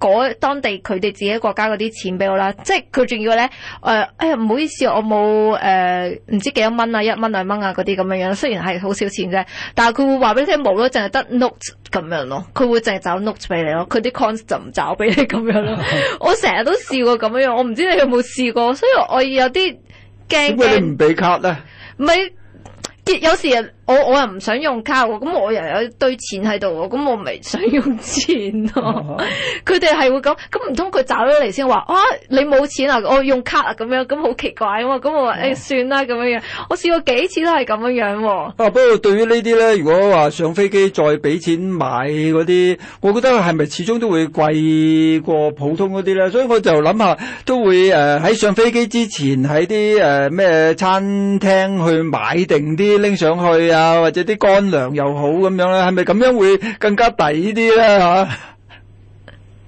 嗰當地佢哋自己國家嗰啲錢俾我啦。即係佢仲要咧，誒誒唔好意思，我冇誒唔知幾多蚊啊，一蚊兩蚊啊嗰啲咁樣樣。雖然係好少錢啫，但係佢會話俾你聽冇咯，淨係得 note 咁樣咯。佢會淨係找 note 俾你咯，佢啲 coins 就唔找俾你咁樣咯。 我成日都試過咁樣樣，我唔知你有冇試過，所以我有啲驚驚。點解你唔俾卡咧？唔係，有時我我又唔想用卡喎，咁我又有一堆錢喺度喎，咁我咪想用錢咯、啊。佢哋係會咁咁，咁唔通佢找咗嚟，先話啊？你冇錢啊？我用卡啊咁樣，咁好奇怪啊嘛？咁我話誒算啦咁樣樣，我試的、哎、過幾次都係咁樣樣喎。啊，不過、啊、對於呢啲咧，如果話上飛機再俾錢買啲，我覺得係咪始終都會貴過普通啲咧？所以我就諗下，都會誒、喺、呃、上飛機之前喺啲誒咩餐廳去買定啲拎上去啊。啊，或者啲乾糧又好咁樣咧，係咪咁樣會更加抵啲咧吓？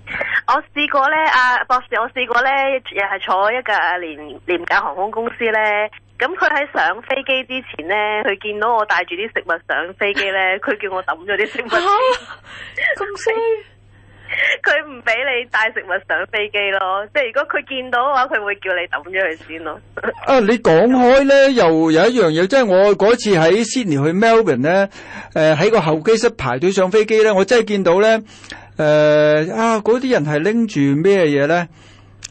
我試過咧，阿、啊、博士，我試過咧，又係坐一架廉廉價航空公司咧，咁佢喺上飛機之前咧，佢見到我帶住啲食物上飛機咧，佢 叫我抌咗啲食物、啊。咁衰。 佢唔俾你帶食物上飛機咯，即係如果佢見到嘅話，佢會叫你抌咗佢先咯。啊，你講開咧，又有一樣嘢，即係我嗰次喺 Sydney 去 Melbourne 咧，誒喺個候機室排隊上飛機咧，我真係見到咧，誒啊嗰啲人係拎住咩嘢咧？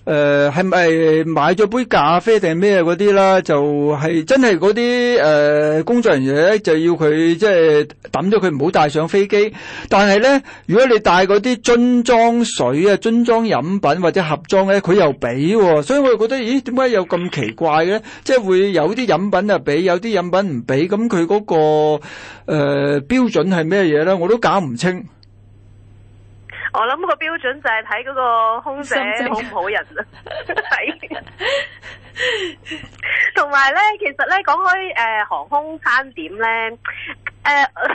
誒係咪買咗杯咖啡定係咩嗰啲啦？就係、是、真係嗰啲誒工作人員咧，就是、要佢即係揼咗佢唔好帶上飛機。但係咧，如果你帶嗰啲樽裝水啊、樽裝飲品或者盒裝咧，佢又俾、哦，所以我又覺得咦點解有咁奇怪嘅？即、就、係、是、會有啲飲品啊俾，有啲飲品唔俾，咁佢嗰個誒、呃、標準係咩嘢咧？我都搞唔清。我諗個標準就係睇嗰個空姐好唔好人啦，係。同埋咧，其實咧講開誒航空餐點咧，誒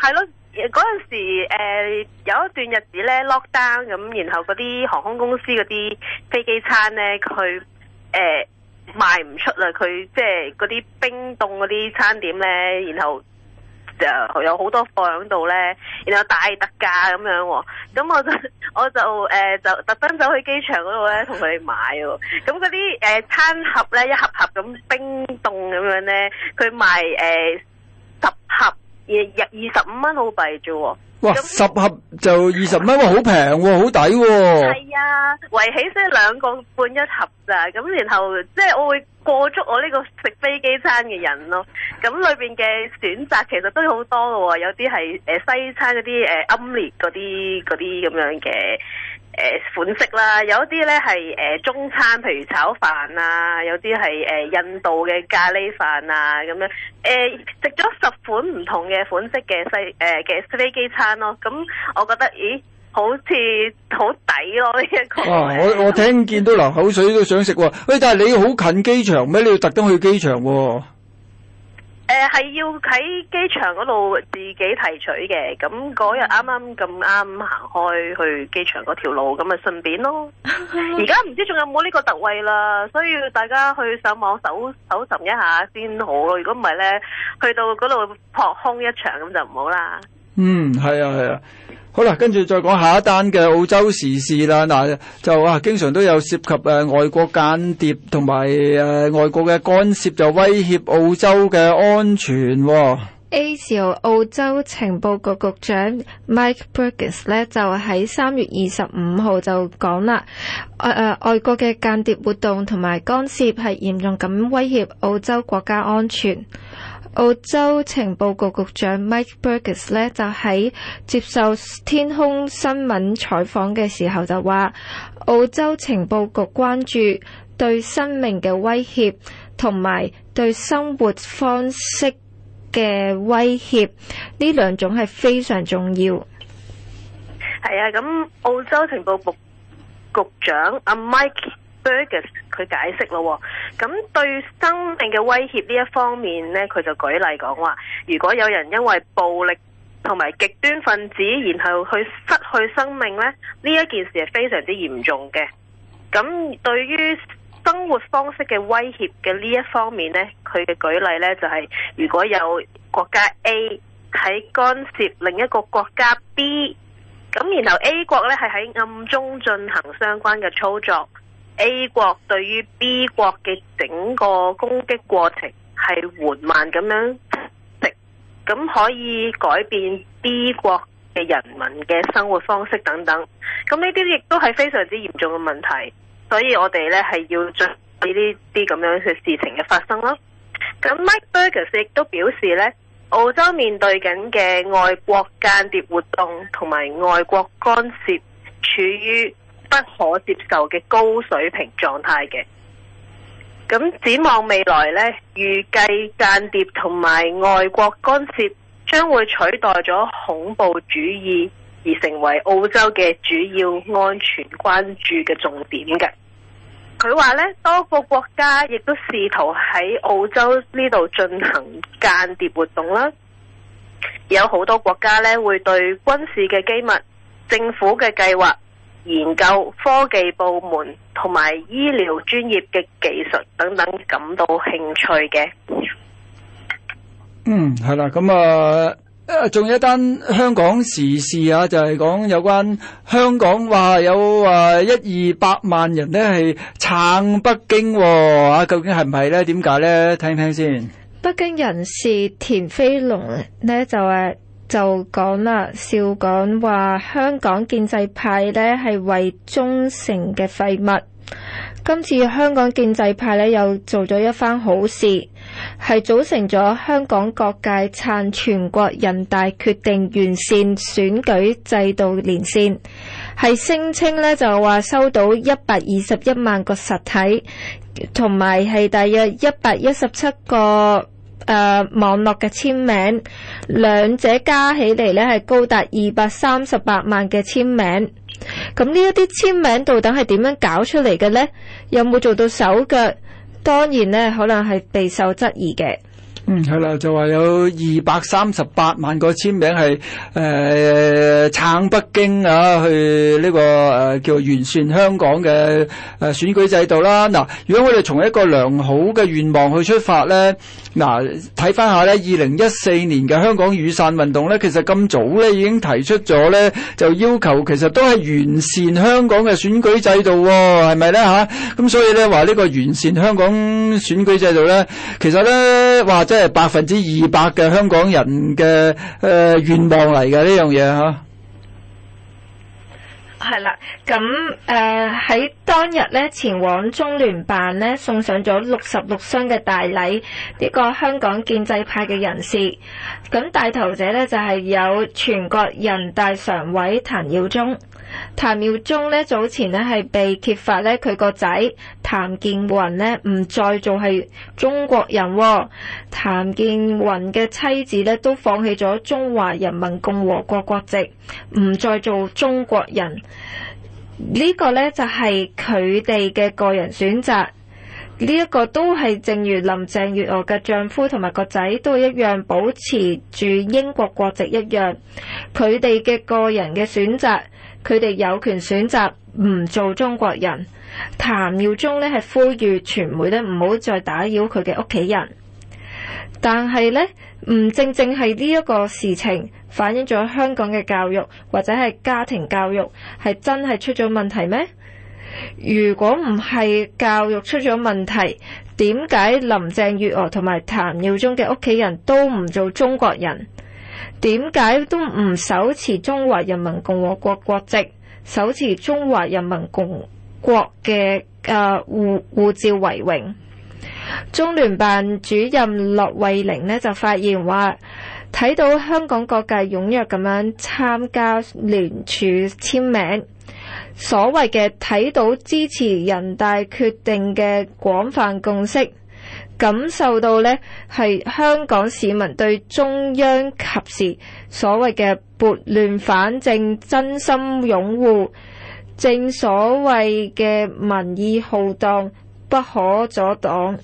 係咯，嗰陣時誒、呃、有一段日子咧 lockdown 咁，lock down, 然後嗰啲航空公司嗰啲飛機餐咧，佢誒、呃、賣唔出啦，佢即係嗰啲冰凍嗰啲餐點咧，然後。就有好多貨喺度咧，然後大特價咁樣，咁、嗯、我就我就誒、呃、就特登走去機場嗰度咧同佢哋買，咁嗰啲誒餐盒咧一盒盒咁冰凍咁樣咧，佢賣誒、呃、十盒二二二十蚊澳幣啫，嗯、哇！十盒就二十蚊，好平，好抵，係哇啊，圍起先兩個半一盒咋，咁然後即係我會。過足我呢個食飛機餐嘅人咯，咁裏邊嘅選擇其實都好多噶喎、哦，有啲係誒西餐嗰啲，誒、列嗰啲嗰啲咁樣嘅誒、呃、款式啦，有啲呢係誒中餐，譬如炒飯啊，有啲係誒印度嘅咖喱飯啊咁樣，誒食咗十款唔同嘅款式嘅、呃、西誒嘅飛機餐咯，咁我覺得咦？好似好抵咯！呢、這、一個，啊、我我聽見都流口水，都想食喎、啊。喂，但係你好近機場咩？你要特登去機場喎、啊。誒、呃，係要喺機場嗰度自己提取嘅。咁嗰日啱啱咁啱行開去機場嗰條路，咁咪順便咯。而家唔知仲有冇呢個特惠啦，所以大家去上網搜搜尋一下先好咯。如果唔係咧，去到嗰度撲空一場咁就唔好啦。嗯，係啊，係啊。好啦，跟住再講下一單嘅澳洲時事啦。嗱，就啊，經常都有涉及誒外國間諜同埋誒外國嘅干涉，就威脅澳洲嘅安全，哦。ASIO 澳洲情報局局長 Mike Burgess 呢，就喺三月二十五號就講啦，誒、啊、誒、啊，外國嘅間諜活動同埋干涉係嚴重咁威脅澳洲國家安全。澳洲情報局局長 Mike Burgess 呢，就喺接受天空新聞採訪嘅時候就話，澳洲情報局關注對生命嘅威脅同埋對生活方式嘅威脅呢兩種係非常重要。係啊，咁澳洲情報局局長阿 Mike。Berger 佢解釋咯，咁對生命嘅威脅呢一方面呢佢就舉例講話，如果有人因為暴力同埋極端分子，然後去失去生命呢，呢一件事係非常之嚴重嘅。咁對於生活方式嘅威脅嘅呢一方面呢佢嘅舉例呢就係、是，如果有國家 A 喺干涉另一個國家 B，咁然後 A 國呢係喺暗中進行相關嘅操作。A 國對於 B 國嘅整個攻擊過程係緩慢咁樣，直咁可以改變 B 國嘅人民嘅生活方式等等，咁呢啲亦都係非常之嚴重嘅問題，所以我哋咧係要阻止呢啲咁樣嘅事情嘅發生咯。咁 Mike Burgess 亦都表示咧，澳洲面對緊嘅外國間諜活動同埋外國干涉處於。不可接受嘅高水平狀態嘅，咁展望未來呢，預計間諜同埋外國干涉將會取代咗恐怖主義，而成為澳洲嘅主要安全關注嘅重點嘅。佢話呢，多個國家亦都試圖喺澳洲呢度進行間諜活動啦，有好多國家呢，會對軍事嘅機密、政府嘅計劃。研究科技部門同埋醫療專業嘅技術等等感到興趣嘅。嗯，係啦，咁啊，誒，仲有一單香港時事啊，就係講有關香港話有誒一二百萬人咧係撐北京，吓究竟係唔係咧？點解咧？聽聽先。北京人士田飛龍咧就話，就講啦，笑講話香港建制派呢係為忠誠嘅廢物。今次香港建制派呢又做咗一番好事，係組成咗香港各界撐全國人大決定完善選舉制度連線，係聲稱呢就話收到一百二十一萬個實體，同埋係大約一百一十七個。誒、uh, 網絡嘅簽名，兩者加起嚟咧係高達二百三十八萬嘅簽名。咁呢一啲簽名到底係點樣搞出嚟嘅呢？有冇做到手腳？當然呢，可能係備受質疑嘅。嗯，係啦，就話有二百三十八萬個簽名係誒撐北京啊，去呢、這個誒、呃、叫完善香港嘅誒、呃、選舉制度啦。嗱，如果我哋從一個良好嘅願望去出發咧，嗱，睇翻下咧，二零一四年嘅香港雨傘運動咧，其實咁早咧已經提出咗咧，就要求其實都係完善香港嘅選舉制度，哦，係咪咧吓？咁所以咧話呢個完善香港選舉制度咧，其實咧話即即係百分之二百嘅香港人嘅誒、呃、願望嚟嘅呢樣嘢嚇，係啦。咁誒喺當日呢，前往中聯辦呢，送上咗六十六箱嘅大禮，呢個香港建制派嘅人士。咁帶頭者呢，就係、是、有全國人大常委譚耀宗。譚耀忠咧早前咧係被揭發咧，佢個仔譚建雲咧唔再做係中國人，譚建雲嘅妻子咧都放棄咗中華人民共和國國籍，唔再做中國人。呢、這個咧就係佢哋嘅個人選擇。呢、這、一個都係正如林鄭月娥嘅丈夫同埋個仔都一樣保持住英國國籍一樣，佢哋嘅個人嘅選擇。佢哋有權選擇唔做中國人。譚耀宗呢係呼籲傳媒呢唔好再打擾佢嘅屋企人。但係呢，唔正正係呢一個事情反映咗香港嘅教育或者係家庭教育係真係出咗問題咩？如果唔係教育出咗問題，點解林鄭月娥同埋譚耀宗嘅屋企人都唔做中國人？點解都唔手持中華人民共和國國籍，手持中華人民共國嘅啊護護照為榮？中聯辦主任駱惠寧呢就發言話，睇到香港各界踊躍咁樣參加聯署簽名，所謂嘅睇到支持人大決定嘅廣泛共識。感受到呢，係香港市民對中央及時所謂嘅撥亂反正真心擁護，正所謂嘅民意浩蕩，不可阻擋。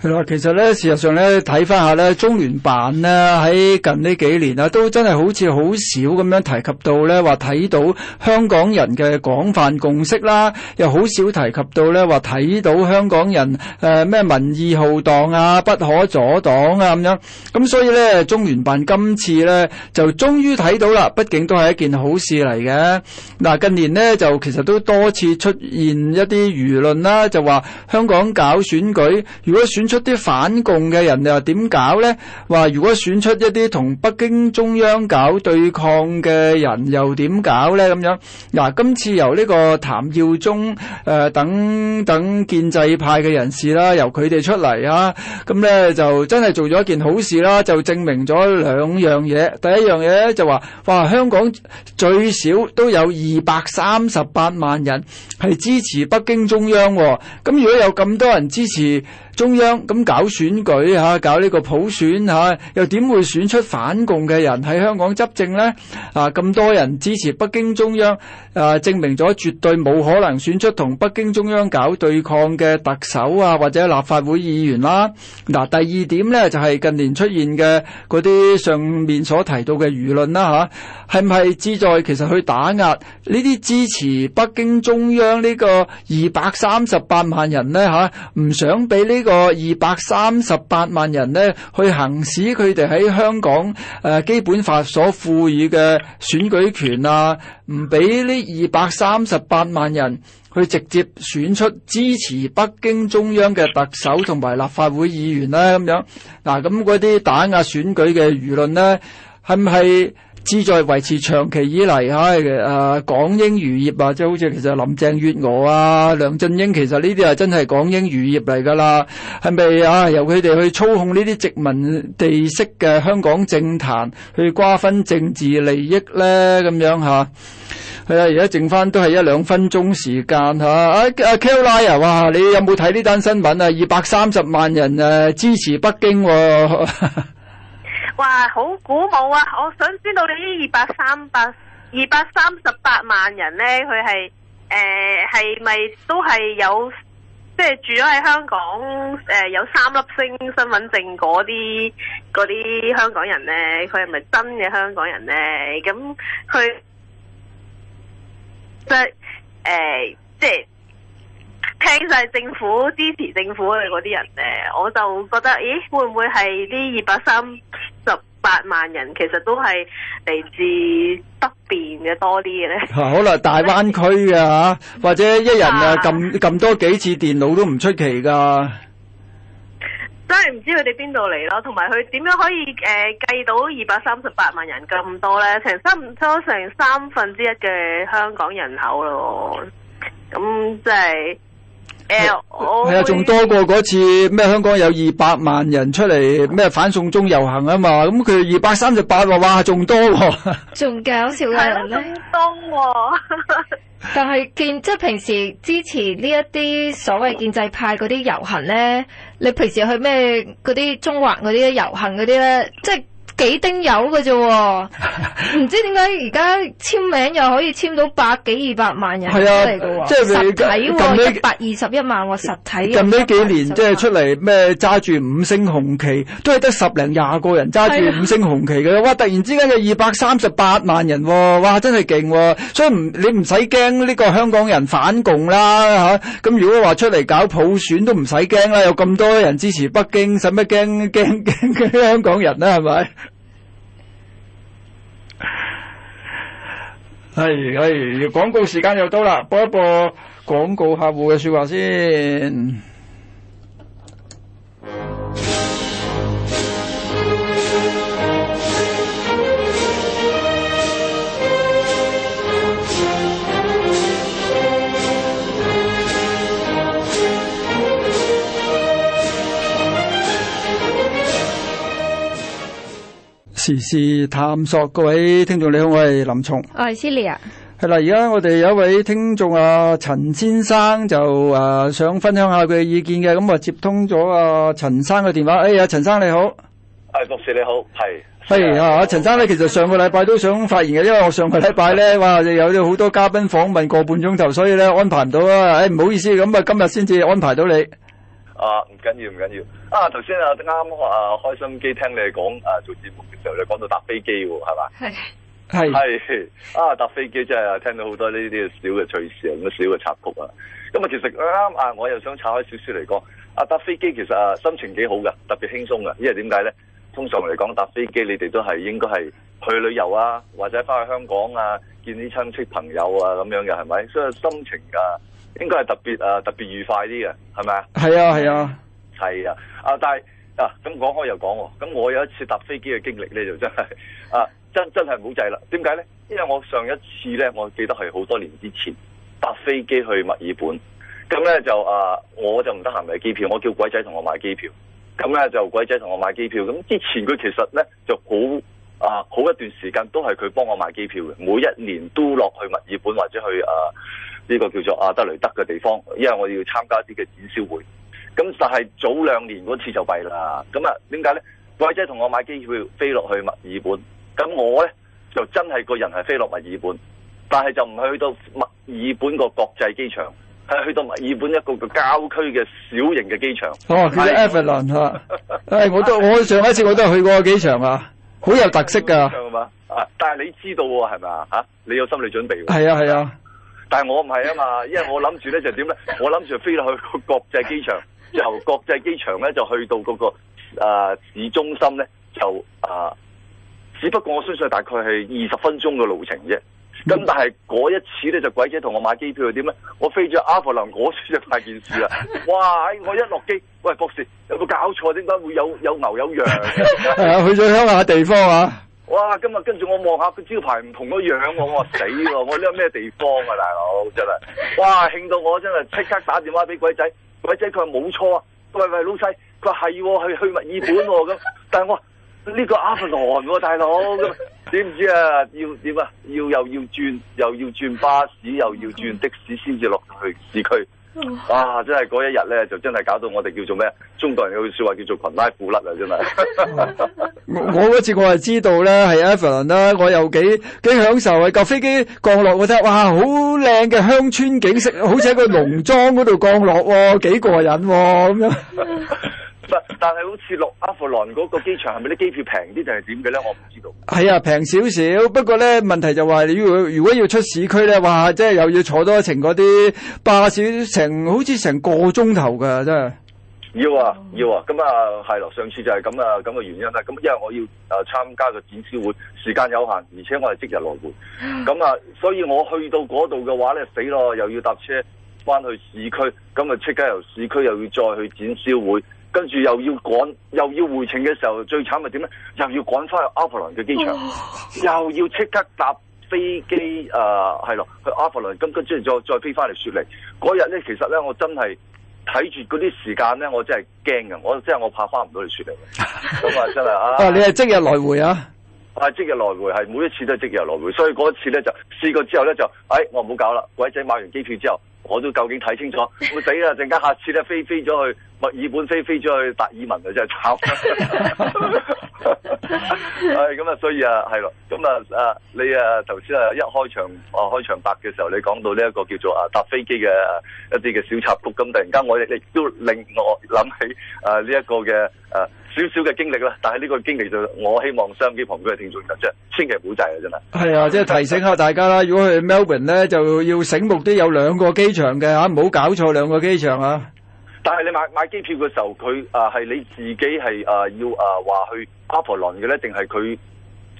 係啦，其實咧，事實上咧，睇翻下咧，中聯辦咧喺近呢幾年啦，都真係好似好少咁樣提及到咧，話睇到香港人嘅廣泛共識啦，又好少提及到咧，話睇到香港人誒咩、呃、民意浩蕩啊，不可阻擋啊咁樣。咁所以咧，中聯辦今次咧就終於睇到啦，畢竟都係一件好事嚟嘅。嗱、啊，近年呢，就其實都多次出現一啲輿論啦，就話香港搞選舉，如果選，出啲反共嘅人又點搞咧？話如果選出一啲同北京中央搞對抗嘅人又點搞呢？咁樣嗱，今次由呢個譚耀宗誒、呃、等等建制派嘅人士啦，由佢哋出嚟啊，咁呢，就真係做咗一件好事啦，就證明咗兩樣嘢。第一樣嘢就話哇，香港最少都有二百三十八萬人係支持北京中央喎。咁如果有咁多人支持。中央咁搞選舉吓、啊，搞呢個普選吓、啊，又點會選出反共嘅人喺香港執政咧？啊，咁多人支持北京中央。誒證明咗絕對冇可能選出同北京中央搞對抗嘅特首啊，或者立法會議員啦。嗱，第二點呢，就係、是、近年出現嘅嗰啲上面所提到嘅輿論啦，吓，係唔係旨在其實去打壓呢啲支持北京中央呢個二百三十八萬人呢？吓、啊，唔想俾呢個二百三十八萬人呢去行使佢哋喺香港誒基本法所賦予嘅選舉權啊，唔俾呢？二百三十八萬人去直接選出支持北京中央嘅特首同埋立法會議員啦。咁樣嗱，咁嗰啲打壓選舉嘅輿論呢，係唔係旨在維持長期以嚟嚇誒港英餘業啊？即係好似其實林鄭月娥啊、梁振英，其實呢啲係真係港英餘業嚟㗎啦。係咪啊？由佢哋去操控呢啲殖民地式嘅香港政壇去瓜分政治利益咧？咁樣嚇。啊係啊，而家剩翻都係一兩分鐘時間吓。阿阿 Kelley 啊，a, 哇，你有冇睇呢單新聞啊？二百三十萬人誒、啊、支持北京、啊，哈哈哇，好鼓舞啊！我想知道你呢二百三百二百三十八萬人咧，佢係誒係咪都係有即係、就是、住咗喺香港誒、呃、有三粒星身份證嗰啲嗰啲香港人咧？佢係咪真嘅香港人咧？咁佢？即係誒，即係聽晒政府支持政府嘅嗰啲人誒，我就覺得，咦，會唔會係呢二百三十八萬人，其實都係嚟自北邊嘅多啲嘅咧？好啦，大灣區啊，或者一人啊，咁撳多幾次電腦都唔出奇噶。真係唔知佢哋邊度嚟咯，同埋佢點樣可以誒、呃、計到二百三十八萬人咁多咧？成三差唔多成三分之一嘅香港人口咯，咁、嗯、即係誒我啊，仲多過嗰次咩香港有二百萬人出嚟咩反送中遊行啊嘛，咁佢二百三十八喎，哇仲多喎、哦，仲 搞笑嘅人啊，仲多喎！ 但係，建即係平時支持呢一啲所謂建制派嗰啲遊行咧，你平時去咩嗰啲中環嗰啲遊行嗰啲咧，即係。幾丁友嘅啫，唔知點解而家簽名又可以簽到百幾二百萬人出嚟嘅喎，實體一百二十一萬喎，實體近呢幾年即係出嚟咩揸住五星紅旗，都係得十零廿個人揸住五星紅旗嘅。哇！突然之間有二百三十八萬人，哇！真係勁。所以唔你唔使驚呢個香港人反共啦嚇。咁如果話出嚟搞普選都唔使驚啦，有咁多人支持北京，使乜驚驚驚香港人咧係咪？係係，哎哎，廣告時間又到啦，播一播廣告客戶嘅說話先。時事探索，各位聽眾你好，我係林松。係 Celia 係啦，而家我哋有一位聽眾啊，陳先生就啊想分享下佢嘅意見嘅，咁啊接通咗啊陳生嘅電話。哎呀，陳、啊、生你好。誒、哎，博士你好，係係啊，陳生咧，其實上個禮拜都想發言嘅，因為我上個禮拜咧，哇，有好多嘉賓訪問個半鐘頭，所以咧安排唔到啊。誒、哎，唔好意思，咁、嗯、啊今日先至安排到你。啊，唔緊要唔緊要。啊，頭先啊啱啱啊開心機聽你哋講啊做節目嘅時候，你講到搭飛機喎，係嘛？係係是、哎、啊，搭飛機真係聽到好多呢啲小嘅趣事啊，咁小嘅插曲啊。咁、嗯、啊，其實啱啊，我又想炒開少少嚟講，啊搭飛機其實啊心情幾好噶，特別輕鬆噶。因為點解咧？通常嚟講搭飛機，你哋都係應該係去旅遊啊，或者翻去香港啊，見啲親戚朋友啊咁樣嘅，係咪？所以心情啊。應該係特別啊，特別愉快啲嘅，係咪啊？係啊，係啊，係啊！啊，但係啊，咁講開又講喎，咁、嗯、我有一次搭飛機嘅經歷咧，就真係啊，真真係唔好滯啦！點解咧？因為我上一次咧，我記得係好多年之前搭飛機去墨爾本，咁、嗯、咧就啊，我就唔得閒買機票，我叫鬼仔同我買機票，咁、嗯、咧就鬼仔同我買機票。咁、嗯、之前佢其實咧就好啊，好一段時間都係佢幫我買機票嘅，每一年都落去墨爾本或者去啊。呢個叫做阿德雷德嘅地方，因為我要參加啲嘅展銷會。咁但係早兩年嗰次就弊啦。咁啊點解咧？貴姐同我買機票飛落去墨爾本，咁我咧就真係個人係飛落墨爾本，但係就唔係去到墨爾本個國際機場，係去到墨爾本一個個郊區嘅小型嘅機場。哦，叫做 Avalon 嚇。誒，我都我上一次我都係去過個機場啊，好的有特色㗎，嘛？啊，但係你知道喎，係咪啊？嚇，你有心理準備。係啊，係啊。但係我唔係啊嘛，因為我諗住咧就點咧？我諗住飛落去個國際機場，之後國際機場咧就去到嗰、那個、呃、市中心咧，就啊、呃，只不過我相信大概係二十分鐘嘅路程啫。咁但係嗰一次咧就鬼仔同我買機票，點咧？我飛咗阿弗林，嗰次就大件事啊！哇！我一落機，喂博士，有冇搞錯？點解會有有牛有羊？ 去咗鄉下地方啊！哇！今日跟住我望下個招牌唔同個樣喎，我話死喎！我呢個咩地方啊，大佬真係！哇！興到我真係即刻打電話俾鬼仔，鬼仔佢話冇錯啊！喂喂，老細，佢話係喎，去去墨爾本喎、啊、咁，但係我話呢個阿凡蘭喎，大佬咁點知啊？要點啊？要又要轉又要轉巴士，又要轉的士先至落去市區。哇！真係嗰一日咧，就真係搞到我哋叫做咩？中國人有句説話叫做裙拉褲甩啊！真係 我嗰次我係知道咧，係 Evelyn 啦，我又幾幾享受啊！架飛機降落，我真係哇，好靚嘅鄉村景色，好似喺個農莊嗰度降落喎、哦，幾過癮喎、哦、咁樣。 但係，好似六阿富蘭嗰個機場，係咪啲機票平啲定係點嘅咧？我唔知道。係啊，平少少。不過咧，問題就話，你要如果要出市區咧，話即係又要坐多一程嗰啲巴士，成好似成個鐘頭㗎，真係要啊，要啊。咁啊，係咯、啊，上次就係咁啊，咁嘅原因啦。咁因為我要啊參加個展銷會，時間有限，而且我係即日來回咁啊，啊，所以我去到嗰度嘅話呢，你死咯，又要搭車翻去市區，咁啊，即刻由市區又要再去展銷會。跟住又要趕又要回程嘅時候，最慘係點咧？又要趕翻去阿凡達嘅機場，哦、又要即刻搭飛機。誒係咯，去阿凡達咁，跟住再再飛翻嚟雪梨嗰日咧，其實咧我真係睇住嗰啲時間咧，我真係驚嘅。我真係我真怕翻唔到去雪梨。咁啊 真係啊！啊、哎、你係即日來回啊！啊即日來回，係每一次都係即日來回，所以嗰次咧就試過之後咧就誒、哎、我唔好搞啦！鬼仔買完機票之後。我都究竟睇清楚，唔死啊！陣間下次咧飛飛咗去墨爾本，飛飛咗去達爾文啊！真係慘。係咁啊，所以啊，係咯，咁啊啊，你啊頭先啊一開場啊開場白嘅時候，你講到呢一個叫做啊搭飛機嘅一啲嘅小插曲，咁突然間我亦亦都令我諗起啊呢一個嘅啊。這個少少嘅經歷啦，但係呢個經歷就我希望收音機旁邊嘅聽眾就啫，千祈唔好滯啊，真係、嗯。係啊，即係提醒下大家啦，如果去 Melbourne 咧，就要醒目啲，有、啊、兩個機場嘅吓，唔好搞錯兩個機場啊。但係你買買機票嘅時候，佢啊係你自己係啊要啊話去 Auckland 嘅咧，定係佢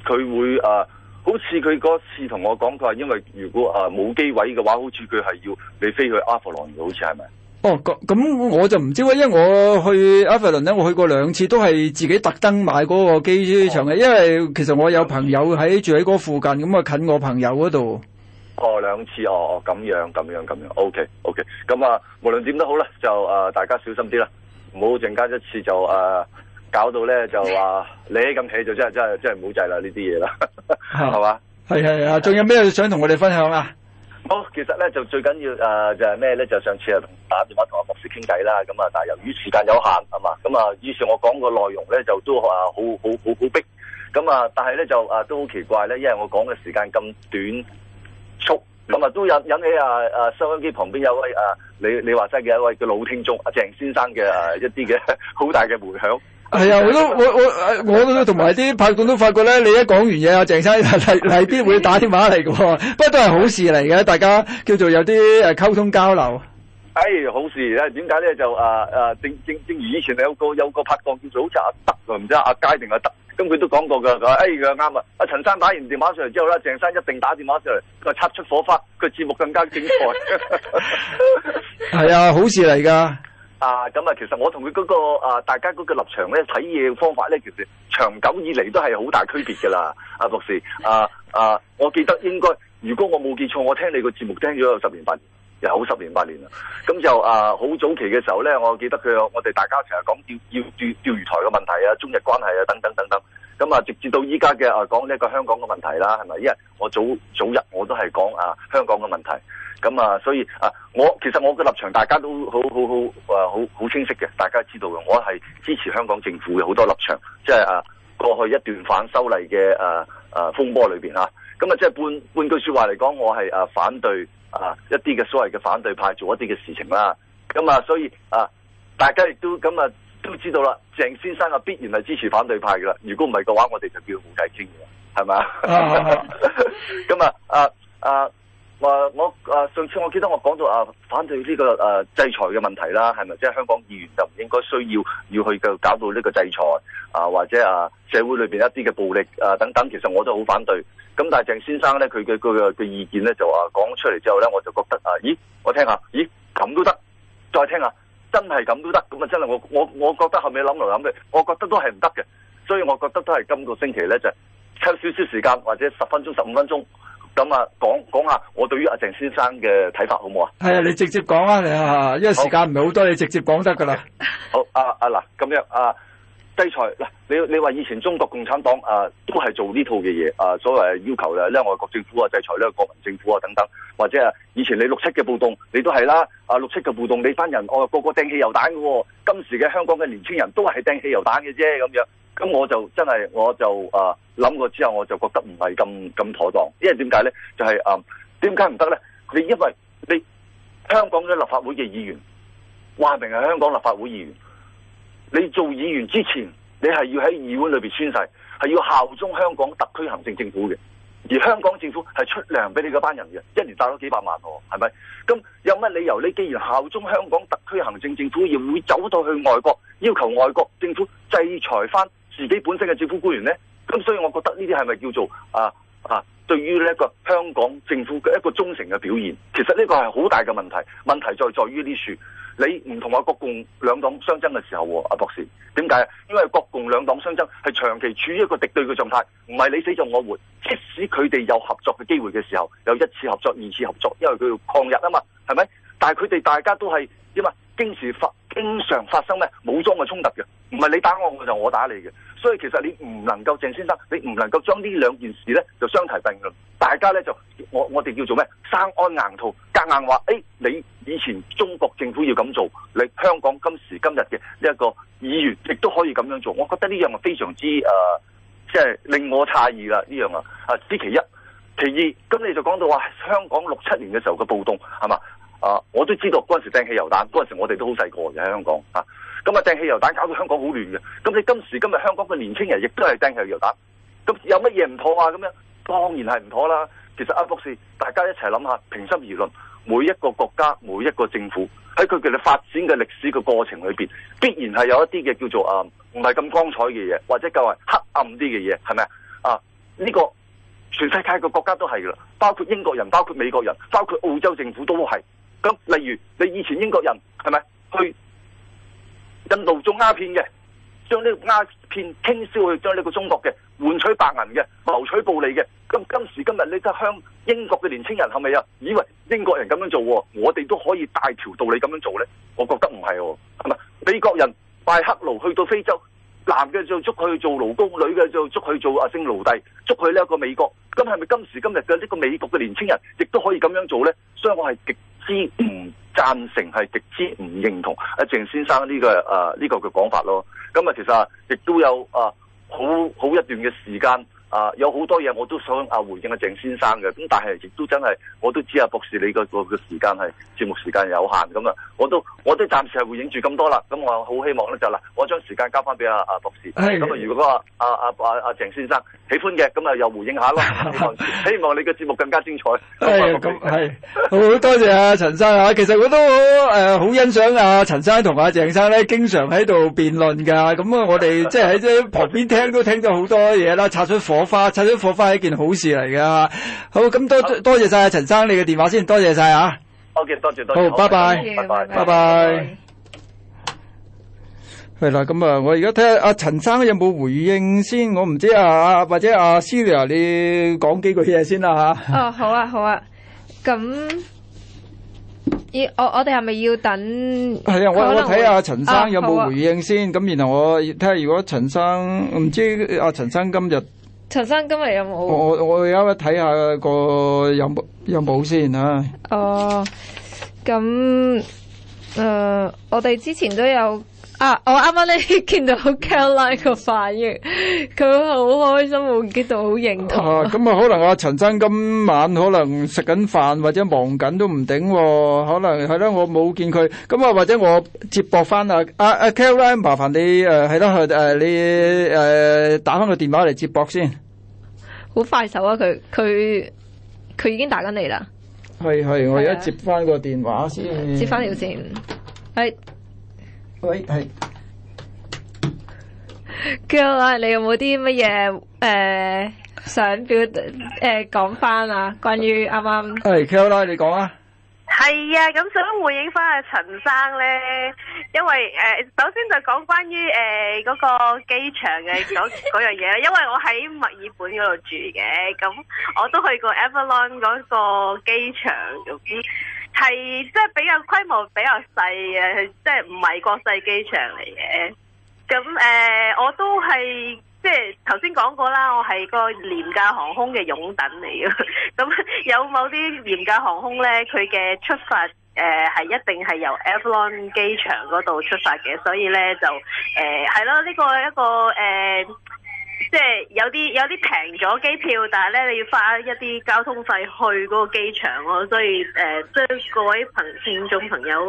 佢會啊？好似佢嗰次同我講，佢話因為如果啊冇機位嘅話，好似佢係要你飛去 Auckland 嘅，好似係咪？哦，咁我就唔知啦，因為我去阿凡輪咧，我去過兩次，都係自己特登買嗰個機場嘅，因為其實我有朋友喺住喺嗰附近，咁啊近我朋友嗰度。哦，兩次哦，咁樣，咁樣，咁樣，OK，OK，咁啊，無論點都好啦，就誒，大家小心啲啦，唔好陣間一次就誒、呃，搞到咧就話你咁起，起就真係真係真係唔好制啦呢啲嘢啦，係嘛？係係啊，仲有咩想同我哋分享啊？好，其實咧就最緊要誒、啊，就係咩咧？就上次啊，打電話同阿博士傾偈啦。咁啊，但係由於時間有限，係嘛？咁、嗯、啊，於是，我講個內容咧，就都話、啊、好好好好迫。咁啊，但係咧就啊，都好奇怪咧，因為我講嘅時間咁短促，咁啊，都引引起啊啊收音機旁邊有位啊，你你話齋嘅一位嘅老聽眾阿、啊、鄭先生嘅、啊、一啲嘅好大嘅回響。係 啊，我都我我我都同埋啲拍檔都發覺咧，你一講完嘢啊，鄭生例例必會打電話嚟嘅喎，不過都係好事嚟嘅，大家叫做有啲誒溝通交流。哎，好事咧，啊，點解咧就誒誒、啊、正正正如以前有個有個拍檔叫早茶阿德，唔知阿佳定阿德，咁佢都講過噶，佢話哎佢啱啊，阿陳生打完電話上嚟之後咧，鄭生一定打電話上嚟，佢話擦出火花，個節目更加精彩。係 啊，好事嚟噶。啊，咁啊，其實我同佢嗰個啊，大家嗰個立場咧，睇嘢方法咧，其實長久以嚟都係好大區別噶啦。 啊，博士，啊啊，我記得應該如果我冇記錯，我聽你個節目聽咗有十年八年，又好十年八年啦。咁就啊，好早期嘅時候咧，我記得佢我哋大家成日講釣要釣釣魚台嘅問題啊，中日關係啊，等等等等。咁、嗯、啊，直至到依家嘅啊，講呢個香港嘅問題啦，係咪？因為我早早日我都係講啊香港嘅問題。咁啊，所以啊，我其實我嘅立場大家都好好好啊，好好，好，好，好清晰嘅，大家知道嘅。我係支持香港政府嘅好多立場，即係啊過去一段反修例嘅啊啊風波裏邊啊，咁啊即係半半句話說話嚟講，我係啊反對啊一啲嘅所謂嘅反對派做一啲嘅事情啦。咁啊，所以啊，大家亦都咁啊都知道啦，鄭先生啊必然係支持反對派噶啦。如果唔係嘅話，我哋就叫胡太清嘅，係咪？咁啊啊啊！話我啊，上次我記得我講到啊，反對呢個誒，啊，制裁嘅問題啦，係咪即係香港議員就唔應該需要要去搞到呢個制裁啊，或者啊社會裏邊一啲嘅暴力啊等等，其實我都好反對。咁但係鄭先生呢，佢嘅嘅意見呢，就話講出嚟之後呢，我就覺得啊，咦，我聽下，咦咁都得，再聽下，真係咁都得，咁啊真係我我我覺得後尾諗嚟諗去，我覺得都係唔得嘅。所以我覺得都係今個星期呢，就抽少少時間或者十分鐘十五分鐘。咁啊，講講下我對於阿鄭先生嘅睇法好冇啊？係啊，你直接講啊，你啊，因為時間唔係好多，你直接講得㗎啦。好啊，啊嗱，咁樣啊，制裁嗱，你你話以前中國共產黨啊都係做呢套嘅嘢啊，所謂要求咧外國政府啊制裁呢個國民政府啊等等，或者啊以前你六七嘅暴動你都係啦，啊六七嘅暴動你班人哦個，個個掟汽油彈嘅喎，哦，今時嘅香港嘅年輕人都係掟汽油彈嘅啫咁樣。啊咁我就真係，我就啊諗過之後，我就覺得唔係咁咁妥當。因為點解呢？就係啊，點解唔得呢？你因為你香港嘅立法會嘅議員，話明係香港立法會議員。你做議員之前，你係要喺議會裏邊宣誓，係要效忠香港特區行政政府嘅。而香港政府係出糧俾你嗰班人嘅，一年賺咗幾百萬喎，係咪？咁有乜理由？你既然效忠香港特區行政政府，要會走到去外國要求外國政府制裁翻？自己本身嘅政府官員呢，咁所以我覺得呢啲係咪叫做啊啊，對於呢個香港政府嘅一個忠誠嘅表現？其實呢個係好大嘅問題。問題在在於呢處，你唔同話國共兩黨相爭嘅時候阿、啊、博士點解啊？因為國共兩黨相爭係長期處於一個敵對嘅狀態，唔係你死就我活。即使佢哋有合作嘅機會嘅時候，有一次合作，二次合作，因為佢要抗日啊嘛，係咪？但係佢哋大家都係點啊？經時發經常發生咩武裝嘅衝突嘅，唔係你打我我就我打你嘅，所以其實你唔能夠鄭先生，你唔能夠將呢兩件事咧就相提並論，大家咧就我我哋叫做咩生安硬套夾硬話，誒、欸、你以前中國政府要咁做，你香港今時今日嘅呢一個議員亦都可以咁樣做，我覺得呢樣係非常之誒即係令我詫異啦呢樣啊啊，此其一，其二，咁你就講到話香港六七年嘅時候嘅暴動係嘛？啊！我都知道嗰陣時掟汽油彈，嗰陣時我哋都好細個嘅喺香港啊！咁啊，掟汽油彈搞到香港好亂嘅。咁你今時今日香港嘅年青人亦都係掟汽油彈，咁有乜嘢唔妥啊？咁樣當然係唔妥啦。其實阿博士，大家一齊諗下，平心而論，每一個國家、每一個政府喺佢哋發展嘅歷史嘅過程裏邊，必然係有一啲嘅叫做啊，唔係咁光彩嘅嘢，或者較為黑暗啲嘅嘢，係咪啊？啊，呢個全世界嘅國家都係噶啦，包括英國人、包括美國人、包括澳洲政府都係。咁例如你以前英國人係咪去印度做鴉片嘅，將呢個鴉片傾銷去將呢個中國嘅，換取白銀嘅，謀取暴利嘅？咁今時今日呢？即係英國嘅年青人係咪啊？以為英國人咁樣做、哦，我哋都可以大條道理咁樣做呢？我覺得唔係、哦，係咪美國人拜黑奴去到非洲，男嘅就捉佢去做勞工，女嘅就捉佢做啊，性奴婢，捉佢呢一個美國。咁係咪今時今日嘅呢個美國嘅年青人亦都可以咁樣做呢？所以我係極。之唔贊成，係極之唔認同阿鄭先生呢個誒，呢個啊嘅講法咯，咁啊其實亦、啊、都有啊好好一段嘅時間。啊，有好多嘢我都想啊回應阿鄭先生嘅，咁但係亦都真係我都知阿博士你個個個時間係節目時間有限咁啊，我都我都暫時係回應住咁多啦，咁我好希望咧就嗱，我將時間交翻俾阿阿博士，咁啊如果話阿阿阿阿鄭先生喜歡嘅，咁啊又回應下咯，希望你嘅節目更加精彩。係好多謝阿陳生啊，其實我都誒好欣賞阿陳生同阿鄭生咧，經常喺度辯論噶，咁啊我哋即係喺旁邊聽都聽到好多嘢啦，擦出火。火花拆咗火花係一件好事嚟噶，好咁多好多謝晒阿陳生你嘅電話先，多謝晒啊。O K，多謝多謝好拜拜，謝拜拜，拜拜。係啦拜，咁拜啊，我而家睇下阿陳生有冇回應先，我唔知啊，或者阿思 i 啊，Siri，你講幾句嘢先啦吓。啊、哦，好啊，好啊，咁要我我哋係咪要等？係啊，我我睇下陳生有冇回應先，咁、哦啊、然後我睇下如果陳生唔知阿陳生日今日。陳生今日有冇？我我我而家睇下個有冇有冇先啊。哦，咁誒、呃，我哋之前都有。啊！我啱啱咧見到 Caroline 個反應，佢好開心，好激到好認同、啊。咁、嗯、啊，可能阿陳生今晚可能食緊飯或者忙緊都唔頂、哦，可能係咯，我冇見佢。咁、嗯、啊，或者我接駁翻，啊、阿、啊、阿 Caroline、啊、麻煩你誒，係、呃、咯，誒、呃、你誒、呃、打翻個電話嚟接駁先。好快手啊！佢佢佢已經打緊嚟啦。係係，我而家接翻個電話先。接翻條線，係。喂係，Joanne，你有冇啲乜嘢誒想表誒講翻啊？關於啱啱係 Joanne，你講啊。係啊，咁想回應翻阿陳生咧，因為誒首先就講關於誒嗰個機場嘅嗰嗰樣嘢啦，因為我喺墨爾本嗰度住嘅，咁我都去過 Avalon 嗰個機場嗰邊。係即係比較規模比較細嘅，即係唔係國際機場嚟嘅。咁誒、呃，我都係即係頭先講過啦，我係個廉價航空嘅擁躉嚟嘅。咁 有某啲廉價航空呢，佢嘅出發誒係、呃、一定係由 Avalon 機場嗰度出發嘅，所以呢就誒係咯，呢、呃這個一個誒。呃即係有啲有啲平咗機票，但係咧你要花一啲交通費去嗰個機場咯，所以誒、呃，即係各位眾朋友聽眾朋友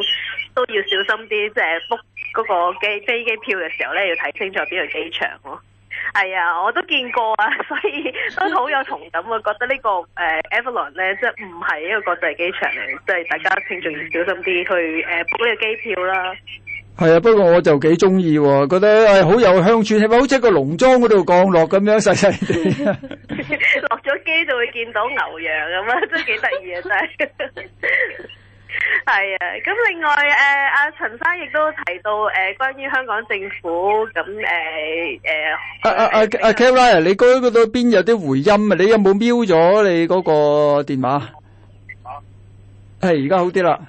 都要小心啲，即係 book 嗰個機飛機票嘅時候咧，要睇清楚邊個機場咯。係、哎、啊，我都見過啊，所以都好有同感啊，覺得、這個呃、呢個誒 Avalon 咧，即係唔係一個國際機場嚟，即係大家聽眾要小心啲去誒 book 呢個機票啦。係啊，不過我就幾中意喎，覺得係好有鄉村，係咪？好似個農莊嗰度降落咁樣，細細啲。落咗機就會見到牛羊咁樣啊，真係幾得意啊！真係。係啊，咁另外誒，阿陳生亦都提到誒，關於香港政府咁誒誒。阿阿阿阿 Kevlin，你哥嗰度邊有啲回音啊？你有冇瞄咗你嗰個電話？係而家好啲啦。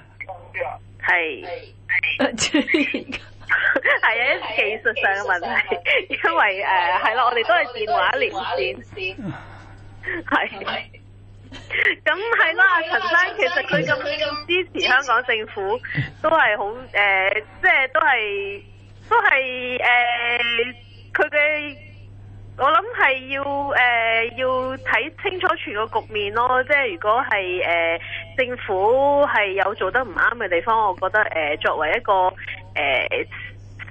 係。唔知，係啊， 技術上嘅問題，因為誒係咯，我哋都係電話連線，係，咁係咯，阿陳生，其實佢咁的支持香港政府， 都係好誒，即、呃、係、即係、都係都係誒，佢、呃、嘅。我諗係要誒、呃、要睇清楚全個局面咯，即係如果係誒、呃、政府係有做得唔啱嘅地方，我覺得誒、呃、作為一個誒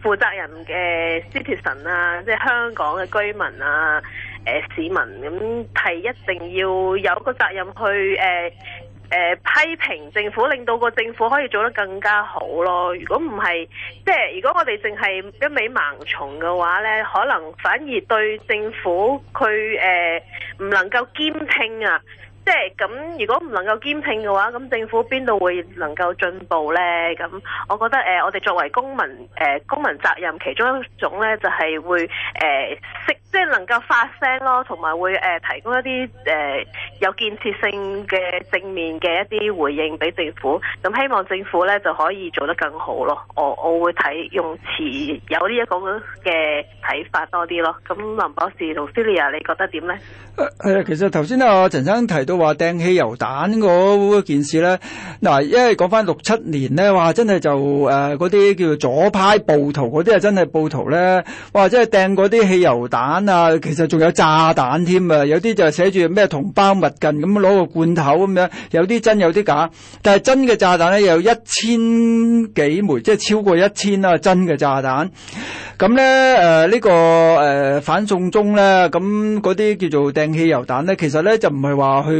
負、呃、責人嘅 citizen 啊，即係香港嘅居民啊，誒、呃、市民咁係一定要有個責任去誒、呃誒、呃、批評政府，令到個政府可以做得更加好咯。如果唔係，即係如果我哋淨係一味盲從嘅話呢，可能反而對政府佢誒唔能夠兼聽啊。即係咁，如果唔能夠兼聽嘅話，咁政府邊度會能夠進步咧？咁我覺得誒、呃，我哋作為公民誒、呃、公民責任其中一種咧，就係、是、會誒識、呃，即係能夠發聲咯，同埋會誒、呃、提供一啲誒、呃、有建設性嘅正面嘅一啲回應俾政府。咁、呃、希望政府咧就可以做得更好咯。我我會睇用詞有呢一個嘅睇法多啲咯。咁林博士同 Celia 你覺得點咧？誒， 其實頭先咧，我陳生提。佢話掟汽油彈嗰件事咧，嗱、啊，因為講翻六七年咧，哇，真係就誒嗰啲叫做左派暴徒嗰啲啊，真係暴徒咧，哇，即係掟嗰啲汽油彈啊，其實仲有炸彈添啊，有啲就寫住咩同胞勿近，咁攞個罐頭咁樣，有啲真有啲假，但係真嘅炸彈咧有一千幾枚，即係超過一千啊，真嘅炸彈，咁咧誒呢、呃這個誒、呃、反送中咧，咁嗰啲叫做掟汽油彈咧，其實咧就唔係話去。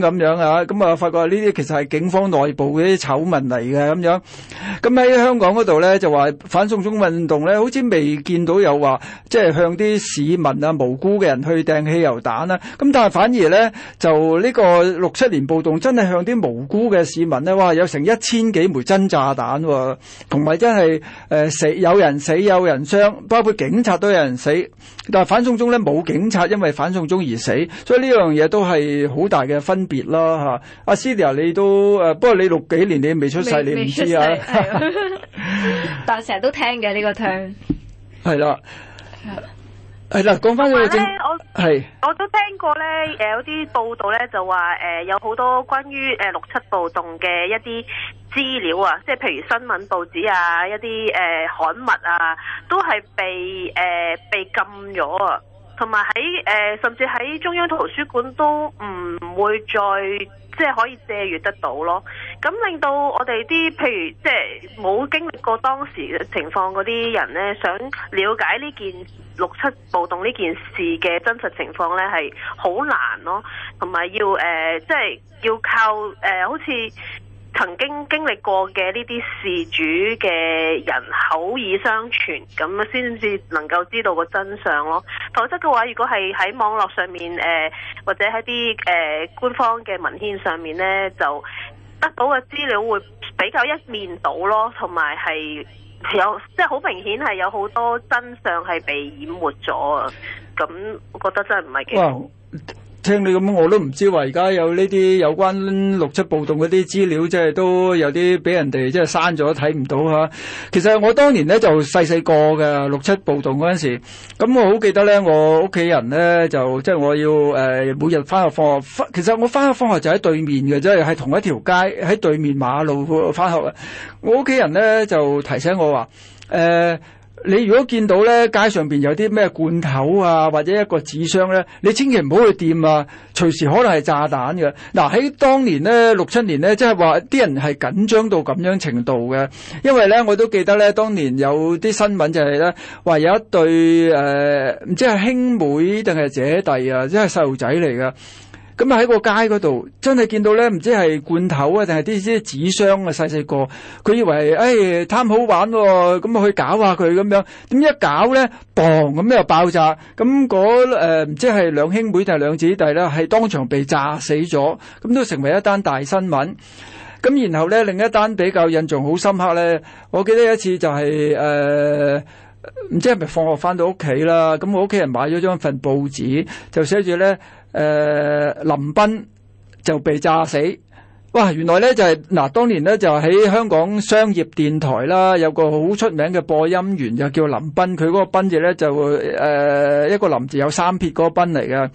咁樣啊，咁啊發覺呢啲其實係警方內部嗰啲醜聞嚟嘅咁樣。咁喺香港嗰度呢，就話反送中運動呢，好似未見到有話即係、就是、向啲市民啊無辜嘅人去掟汽油彈啊。咁但係反而呢，就呢個六七年暴動真係向啲無辜嘅市民呢，哇有成一千幾枚真炸彈喎，同埋真係誒、呃、死有人死有人傷，包括警察都有人死。但係反送中呢，冇警察因為反送中而死，所以呢樣嘢都係好大嘅分。分別啦嚇，阿 Cindy、啊、你都誒、啊，不過你六幾年你未出世，你唔知啊。 但係成日都聽嘅、這個、呢個聽，係啦的，係啦，講翻呢個先。我係我都聽過咧，誒有啲報道咧就話誒、呃、有好多關於誒六七暴動嘅一啲資料啊，即係譬如新聞報紙啊，一啲誒、呃、刊物啊，都係被誒、呃、被禁咗啊。同埋喺誒，甚至喺中央圖書館都唔會再即係可以借閲得到咯。咁令到我哋啲譬如即係冇經歷過當時嘅情況嗰啲人咧，想了解呢件六七暴動呢件事嘅真實情況咧，係好難咯。同埋要誒、呃，即係要靠誒、呃，好似曾經經歷過嘅呢啲事主嘅人口耳相傳，咁先至能夠知道個真相咯。否則嘅話，如果係喺網絡上面誒、呃，或者喺啲誒官方嘅文獻上面呢，就得到嘅資料會比較一面倒咯，同埋係有即係好明顯係有好多真相係被掩沒咗。啊。咁我覺得真係唔係幾好。聽你咁，我都唔知話而家有呢啲有關六七暴動嗰啲資料，即係都有啲俾人哋即係刪咗睇唔到嚇。其實我當年呢，就細細個嘅六七暴動嗰陣時，咁我好記得咧，我屋企人咧就即係我要誒、呃、每日翻學放學，其實我翻學放學就喺對面嘅，即係係同一條街喺對面馬路翻學啊！我屋企人咧就提醒我話誒。呃你如果見到咧，街上邊有啲咩罐頭啊，或者一個紙箱咧，你千祈唔好去掂啊！隨時可能係炸彈嘅。嗱、啊、喺當年呢，六七年呢，即係話啲人係緊張到咁樣程度嘅。因為咧，我都記得咧，當年有啲新聞就係咧，話有一對誒唔、呃、知係兄妹定係姐弟啊，即係細路仔嚟㗎。咁啊喺個街嗰度，真係見到咧，唔知係罐頭啊，定係啲啲紙箱啊，細細個，佢以為誒、哎、貪好玩喎、哦，咁啊去搞下佢咁樣，點一搞咧，噹咁又爆炸，咁嗰唔知係兩兄妹定係兩姊弟咧，係當場被炸死咗，咁都成為一單大新聞。咁然後咧，另一單比較印象好深刻咧，我記得有一次就係誒唔知係咪放學翻到屋企啦，咁我屋企人買咗張份報紙，就寫住咧。誒、呃，林斌就被炸死。哇，原來咧就係、是、嗱、呃，當年咧就喺香港商業電台啦，有個好出名嘅播音員就叫林斌，佢嗰個斌字咧就誒、呃、一個林字有三撇嗰個斌嚟嘅。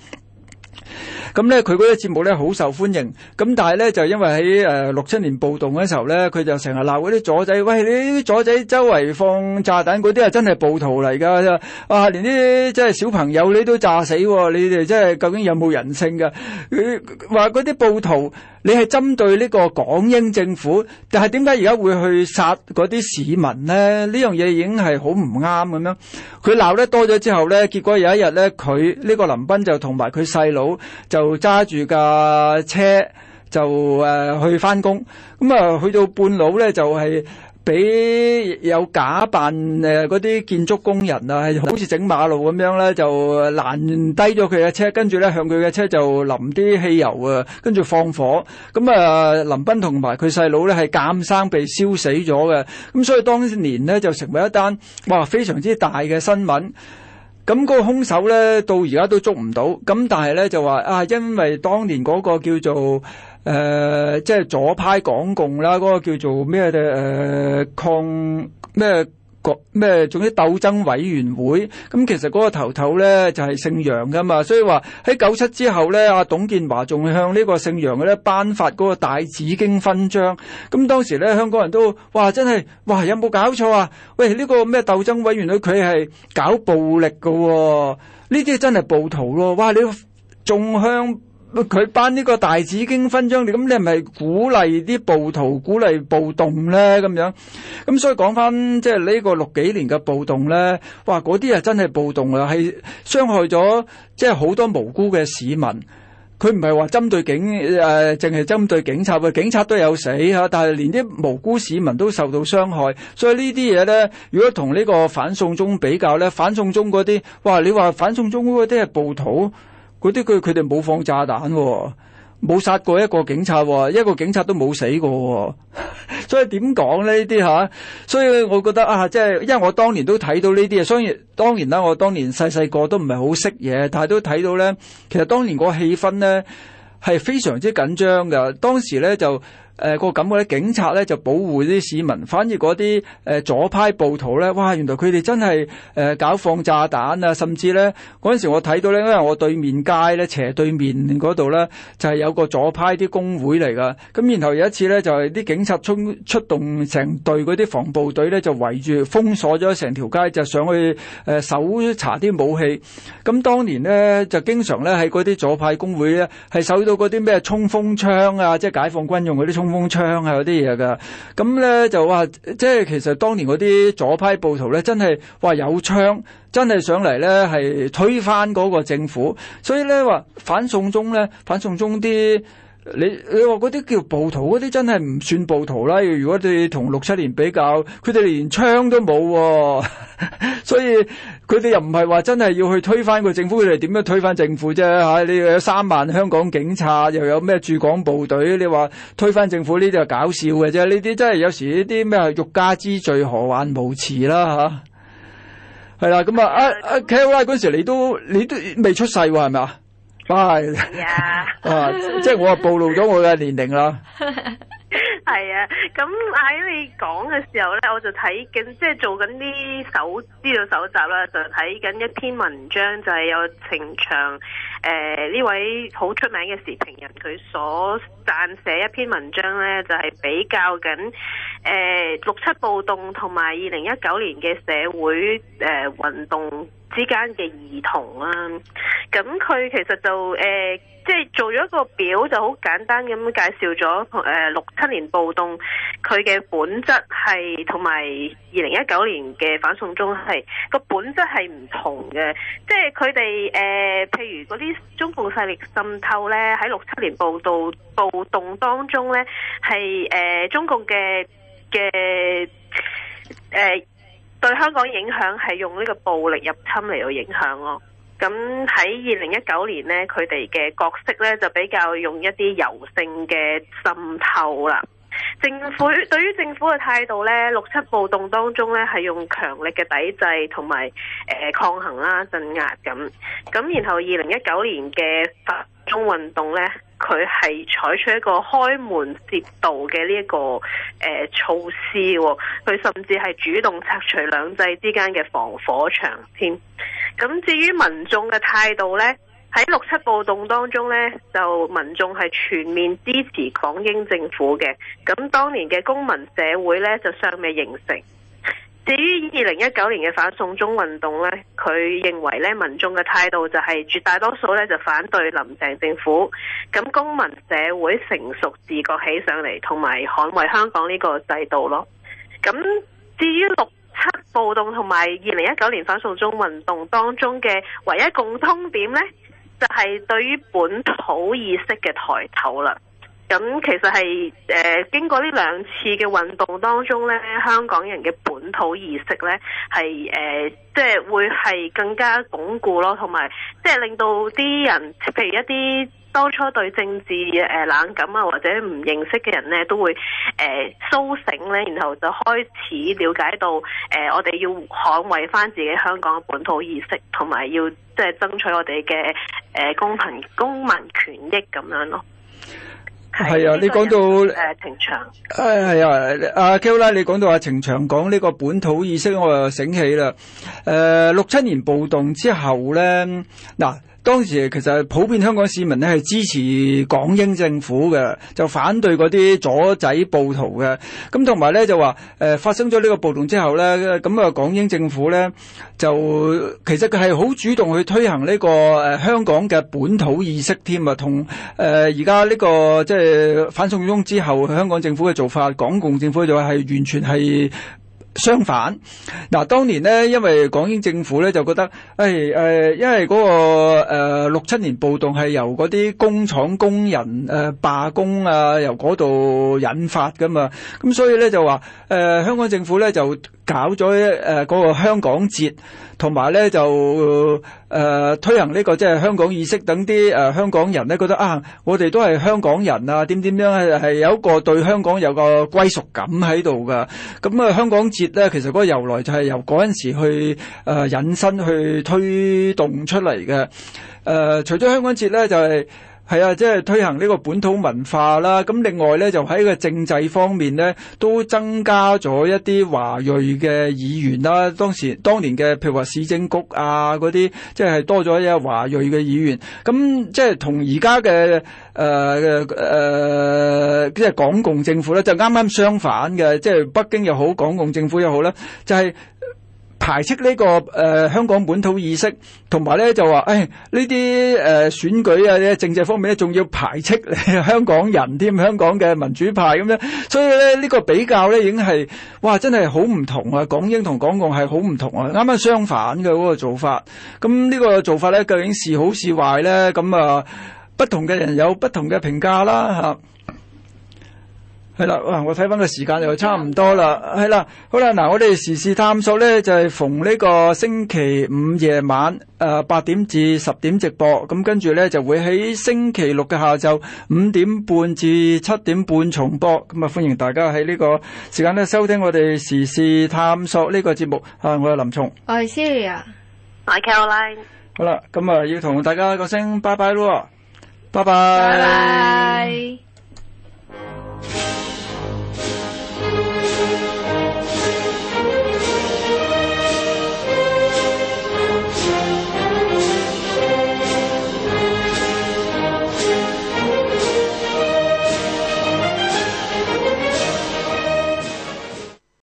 咁咧，佢嗰啲節目咧好受歡迎。咁但係咧，就因為喺誒六七年暴動嗰時候咧，佢就成日鬧嗰啲左仔。喂，你啲左仔周圍放炸彈嗰啲啊，真係暴徒嚟噶！哇，連啲即係小朋友你都炸死，哦，你哋真係究竟有冇人性噶？佢話嗰啲暴徒。你係針對呢個港英政府，但係點解而家會去殺嗰啲市民呢？呢樣嘢已經係好唔啱咁樣。佢鬧得多咗之後咧，結果有一日咧，佢呢個林彬就同埋佢細佬就揸住架車就誒去翻工，咁啊去到半路咧就係、是。俾有假扮誒嗰啲建築工人啊，係好似整馬路咁樣咧，就攔低咗佢嘅車，跟住咧向佢嘅車就淋啲汽油啊，跟住放火。咁啊，林彬同埋佢細佬咧係鑑生被燒死咗嘅。咁所以當年咧就成為一單哇非常之大嘅新聞。咁嗰個兇手咧到而家都捉唔到。咁但係咧就話啊，因為當年嗰個叫做。誒、呃、即係左派港共啦，嗰、那個叫做咩嘅、呃、抗咩國咩，總之鬥爭委員會，咁、嗯、其實嗰個頭頭咧就係、是、姓楊嘅嘛，所以話喺九七之後咧，阿董建華仲向呢個姓楊嘅咧頒發嗰個大紫荊勳章，咁、嗯、當時咧香港人都話真係，哇，哇有冇搞錯啊？喂呢、這個咩鬥爭委員會佢係搞暴力嘅喎、哦，呢啲真係暴徒咯、哦，哇你仲向佢頒呢個大紫荊勳章，你咁你係咪鼓勵啲暴徒、鼓勵暴動咧？咁樣咁所以講翻，即係呢個六幾年嘅暴動咧，哇！嗰啲啊真係暴動啊，係傷害咗即係好多無辜嘅市民。佢唔係話針對警誒，淨、呃、係針對警察嘅，警察都有死嚇，但係連啲無辜市民都受到傷害。所以呢啲嘢咧，如果同呢個反送中比較咧，反送中嗰啲哇，你話反送中嗰啲係暴徒？啲佢佢哋冇放炸彈喎，冇殺過一個警察喎，一個警察都冇死過喎， 所以點講呢啲吓？所以我覺得啊，即係因為我當年都睇到呢啲啊，雖然當然啦，我當年細細個都唔係好識嘢，但係都睇到咧，其實當年個氣氛咧係非常之緊張嘅，當時咧就。誒、呃嗰個感覺咧，警察咧就保護啲市民，反而啲誒、呃、左派暴徒咧，哇！原來佢哋真係誒、呃、搞放炸彈啊，甚至咧陣時我睇到咧，因為我對面街咧斜對面度咧就係、是、有個左派啲工會嚟噶。咁然後有一次咧，就係、是、啲警察衝出動成隊啲防暴隊咧，就圍住封鎖咗成條街，就上去誒、呃、搜查啲武器。咁當年咧就經常咧喺啲左派工會咧係搜到啲咩衝鋒槍啊，即係解放軍用嗰啲衝。用槍啊，嗰啲嘢噶，咁咧就話即係其實當年嗰啲左派暴徒咧，真係話有槍，真係上嚟咧係推翻嗰個政府，所以咧話反送中咧，反送中啲。你你話嗰啲叫暴徒嗰啲真係唔算暴徒啦。如果你同六七年比較，佢哋連槍都冇，哦， 所以佢哋又唔係話真係要去推翻個政府，佢哋點樣推翻政府啫？吓、啊，你又有三萬香港警察，又有咩駐港部隊，你話推翻政府呢？啲係搞笑嘅啫。呢啲真係有時呢啲咩係欲加之罪，何患無辭啦？吓，係啦，咁啊，阿、啊、阿、啊、K Y 嗰時你都你都未出世喎，係咪啊？係啊！啊，即係我啊，暴露咗我嘅年齡啦。係啊，咁喺你講嘅時候咧，我就睇緊，即係做緊啲搜資料搜集啦，就睇緊一篇文章，就係有情長誒呢、呃、位好出名嘅時評人佢所撰寫一篇文章咧，就係、是、比較緊誒、呃、六七暴動同埋二零一九年嘅社會誒、呃、運動。之間嘅兒童啦、啊。咁佢其實就誒，即、呃、係、就是、做咗一個表，就好簡單咁介紹咗誒、呃、六七年暴動佢嘅本質係，同埋二零一九年嘅反送中係個本質係唔同嘅，即係佢哋誒，譬如嗰啲中共勢力滲透咧，喺六七年暴動暴動當中咧，係誒、呃、中共嘅嘅誒。對香港影響係用呢個暴力入侵嚟到影響咯，咁喺二零一九年呢，佢哋嘅角色呢就比較用一啲柔性嘅滲透啦。政府對於政府嘅態度呢，六七暴動當中呢係用強力嘅抵制同埋誒抗衡啦、啊、鎮壓咁。咁然後二零一九年嘅反中運動呢。佢係採取一個開門揖盜嘅呢一個誒、呃、措施、哦，佢甚至係主動拆除兩制之間嘅防火牆添。咁至於民眾嘅態度呢，喺六七暴動當中呢，就民眾係全面支持港英政府嘅，咁當年嘅公民社會呢，就尚未形成。至於二零一九年嘅反送中運動呢，佢認為呢民眾嘅態度就係絕大多數呢就反對林鄭政府，咁公民社會成熟自覺起上嚟，同埋捍衛香港呢個制度咯。咁至於六七暴動同埋二零一九年反送中運動當中嘅唯一共通點呢，就係、是、對於本土意識嘅抬頭啦。咁其實係誒、呃、經過呢兩次嘅運動當中咧，香港人嘅本土意識咧係誒即係會係更加鞏固咯，同埋即係令到啲人，譬如一啲當初對政治誒、呃、冷感啊或者唔認識嘅人咧，都會誒甦、呃、醒咧，然後就開始了解到誒、呃、我哋要捍衞翻自己香港嘅本土意識，同埋要即係爭取我哋嘅誒公民公民權益咁樣咯。係啊，你講到誒、呃、程翔，誒係、哎、啊，阿 Kola，你到講到阿程翔講呢個本土意識，我又醒起啦。誒、呃、六七年暴動之後咧，嗱。當時其實普遍香港市民咧係支持港英政府嘅，就反對嗰啲左仔暴徒嘅。咁同埋咧就話，誒、呃、發生咗呢個暴動之後咧，咁、呃、啊港英政府咧就其實佢係好主動去推行呢、這個誒、呃、香港嘅本土意識添啊，同誒而家呢個即係、就是、反送中之後香港政府嘅做法，港共政府就係完全係。相反，嗱、啊，當年呢，因為港英政府咧就覺得誒誒、哎哎，因為嗰、那個誒、呃、六七年暴動係由嗰啲工廠工人誒罷、呃、工啊，由嗰度引發噶嘛，咁、啊、所以咧就話誒、呃、香港政府咧就。搞咗誒嗰個香港節，同埋咧就誒、呃、推行呢、這個即係、就是、香港意識，等啲誒香港人咧覺得啊，我哋都係香港人啊，點點樣係係有一個對香港有個歸屬感喺度㗎。咁、嗯、啊，香港節咧其實嗰個由來就係由嗰陣時去誒、呃、引申去推動出嚟嘅。誒、呃，除咗香港節咧，就係、是。係啊，即係推行呢個本土文化啦。咁另外咧，就喺個政制方面咧，都增加咗一啲華裔嘅議員啦。當時當年嘅，譬如話市政局啊，嗰啲即係多咗一啲華裔嘅議員。咁即係同而家嘅誒誒，即係港共政府咧，就啱啱相反嘅。即係北京又好，港共政府又好咧，就係、是。排斥呢、這個誒、呃、香港本土意識，同埋咧就話誒呢啲誒選舉啊，呢政治方面咧仲要排斥香港人添，香港嘅民主派咁樣，所以咧呢、這個比較咧已經係哇真係好唔同啊，港英同港共係好唔同啊，啱啱相反嘅嗰、那個做法。咁呢個做法咧究竟是好是壞咧？咁啊、呃、不同嘅人有不同嘅評價啦，嚇。係啦，我睇翻個時間又差唔多啦，係啦，好啦，嗱，我哋時事探索咧就係、是、逢呢個星期五夜晚，誒、呃、八點至十點直播，咁、嗯、跟住咧就會喺星期六嘅下晝五點半至七點半重播，咁、嗯、啊歡迎大家喺呢個時間咧收聽我哋時事探索呢個節目，啊，我係林聰，我係 Siri，我、啊、係 'm Caroline，好啦，咁、嗯、啊要同大家個聲拜拜咯，拜拜。Bye bye